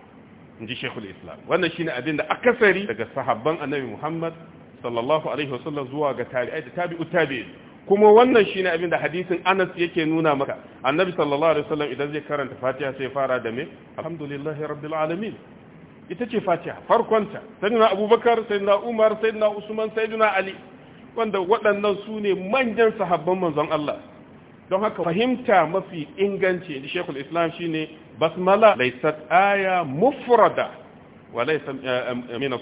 inji shekul islam wannan shine abinda akasari daga sahabban annabi muhammad sallallahu alaihi wasallam zuwa ga tabi'ai da tabi'u tabi. kuma wannan shine abin da hadisin Anas yake nuna maka annabi sallallahu alaihi wasallam idan zai karanta Fatiha sai fara da me alhamdulillahi rabbil alamin ita ce Fatiha farkonta sayyidina Abubakar sayyidina Umar sayyidina Usman sayyidina Ali wanda waɗannan su ne manyan sahabban manzon Allah don haka fahimta mafi inganci da Sheikhul Islam shine basmala laysat aya mufrada wa laysa eh, eh, min as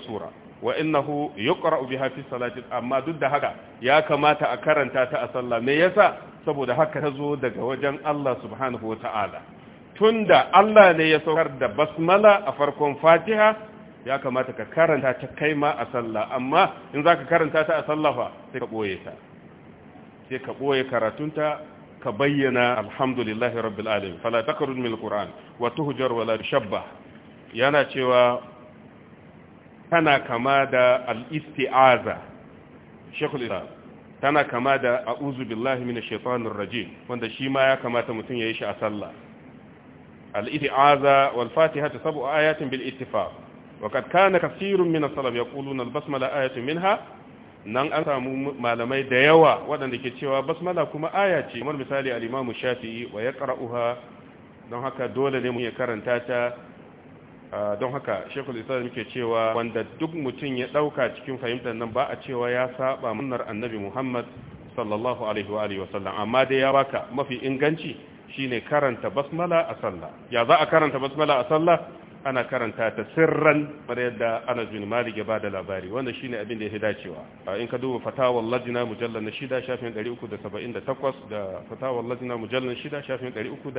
wa innahu yuqra'u biha fi salati amma duk da haka ya kamata a karanta ta a sallah me yasa saboda haka ta zo daga wajen Allah subhanahu wata'ala tunda Allah ne ya saukar da basmala a farkon Fatiha ya kamata ka karanta ta kai ma a sallah amma in zaka karanta ta a sallah fa sai ka boye ta sai ka boye karatunta ka bayyana alhamdulillahi rabbil alamin fala takrun min alquran wa tuhjar wala shabba yana cewa tana kama da al shekul tana kama da a'udhu billahi minash shaitanir wanda shi ma ya kamata mutum yayi shi a sallah al-isti'aza wal fatiha a ayatin bil ittifaq وقد كان كثير من السلف يقولون البسمله ايه منها nan an samu malamai da yawa waɗanda ke cewa basmala kuma aya ce kamar misali alimamu shafi'i wa ya ƙara'uha don haka dole ne mu ya karanta ta don haka shekul islam ke cewa wanda duk mutum ya dauka cikin fahimtar nan ba a cewa ya saba munnar annabi muhammad sallallahu alaihi wa alihi wasallam amma dai ya baka mafi inganci shine karanta basmala a sallah ya za a karanta basmala a sallah ana karanta ta sirran kamar yadda Anas bin Malik ya bada labari wannan shine abin da ya dacewa in ka duba fatawar ladina mujallar na shida shafin 378 da fatawar mujallar na shida shafin 380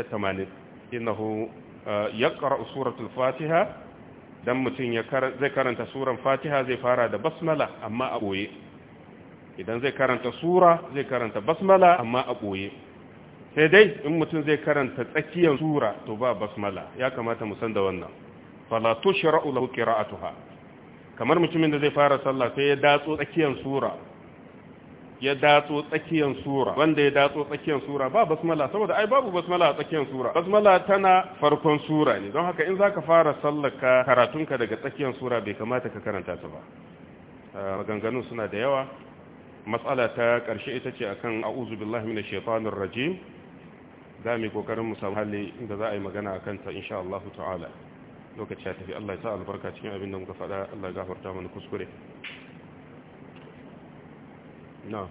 innahu ya ƙara'u suratul fatiha don mutum zai karanta suran fatiha zai fara da basmala amma a ɓoye idan zai karanta sura zai karanta basmala amma a ɓoye sai dai in mutum zai karanta tsakiyar sura to ba basmala ya kamata mu san da wannan falatu shira'u lahu qira'atuha kamar mutumin da zai fara sallah sai ya datso tsakiyar sura ya datso tsakiyar sura wanda ya datso tsakiyar sura ba basmala saboda ai babu basmala a tsakiyar sura basmala tana farkon sura ne don haka in zaka fara sallaka karatunka daga tsakiyar sura bai kamata ka karanta ta ba ah, maganganun suna da yawa matsala ta ƙarshe ita ce akan a'udhu billahi minash shaitanir rajim za mu kokarin mu samu hali inda za a yi magana akan ta insha Allah ta'ala lokaci ya tafi Allah ya sa albarka cikin abin da muka faɗa Allah ya gafarta mana kuskure na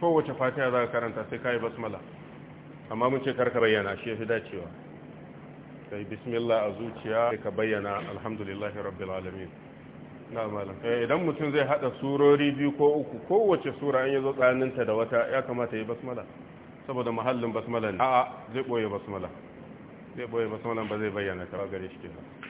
kowace fatiha za ka karanta sai ka yi basmala amma mun ce karka bayyana shi ya fi dacewa sai bismillah a zuciya sai ka bayyana alhamdulillahi rabbil alamin na malam eh, idan mutum zai hada surori biyu ko uku kowace sura an zo tsaninta da wata ya kamata yi basmala saboda mahallin basmala ne a'a zai boye basmala zai boye basmala ba zai bayyana ta gare shi kenan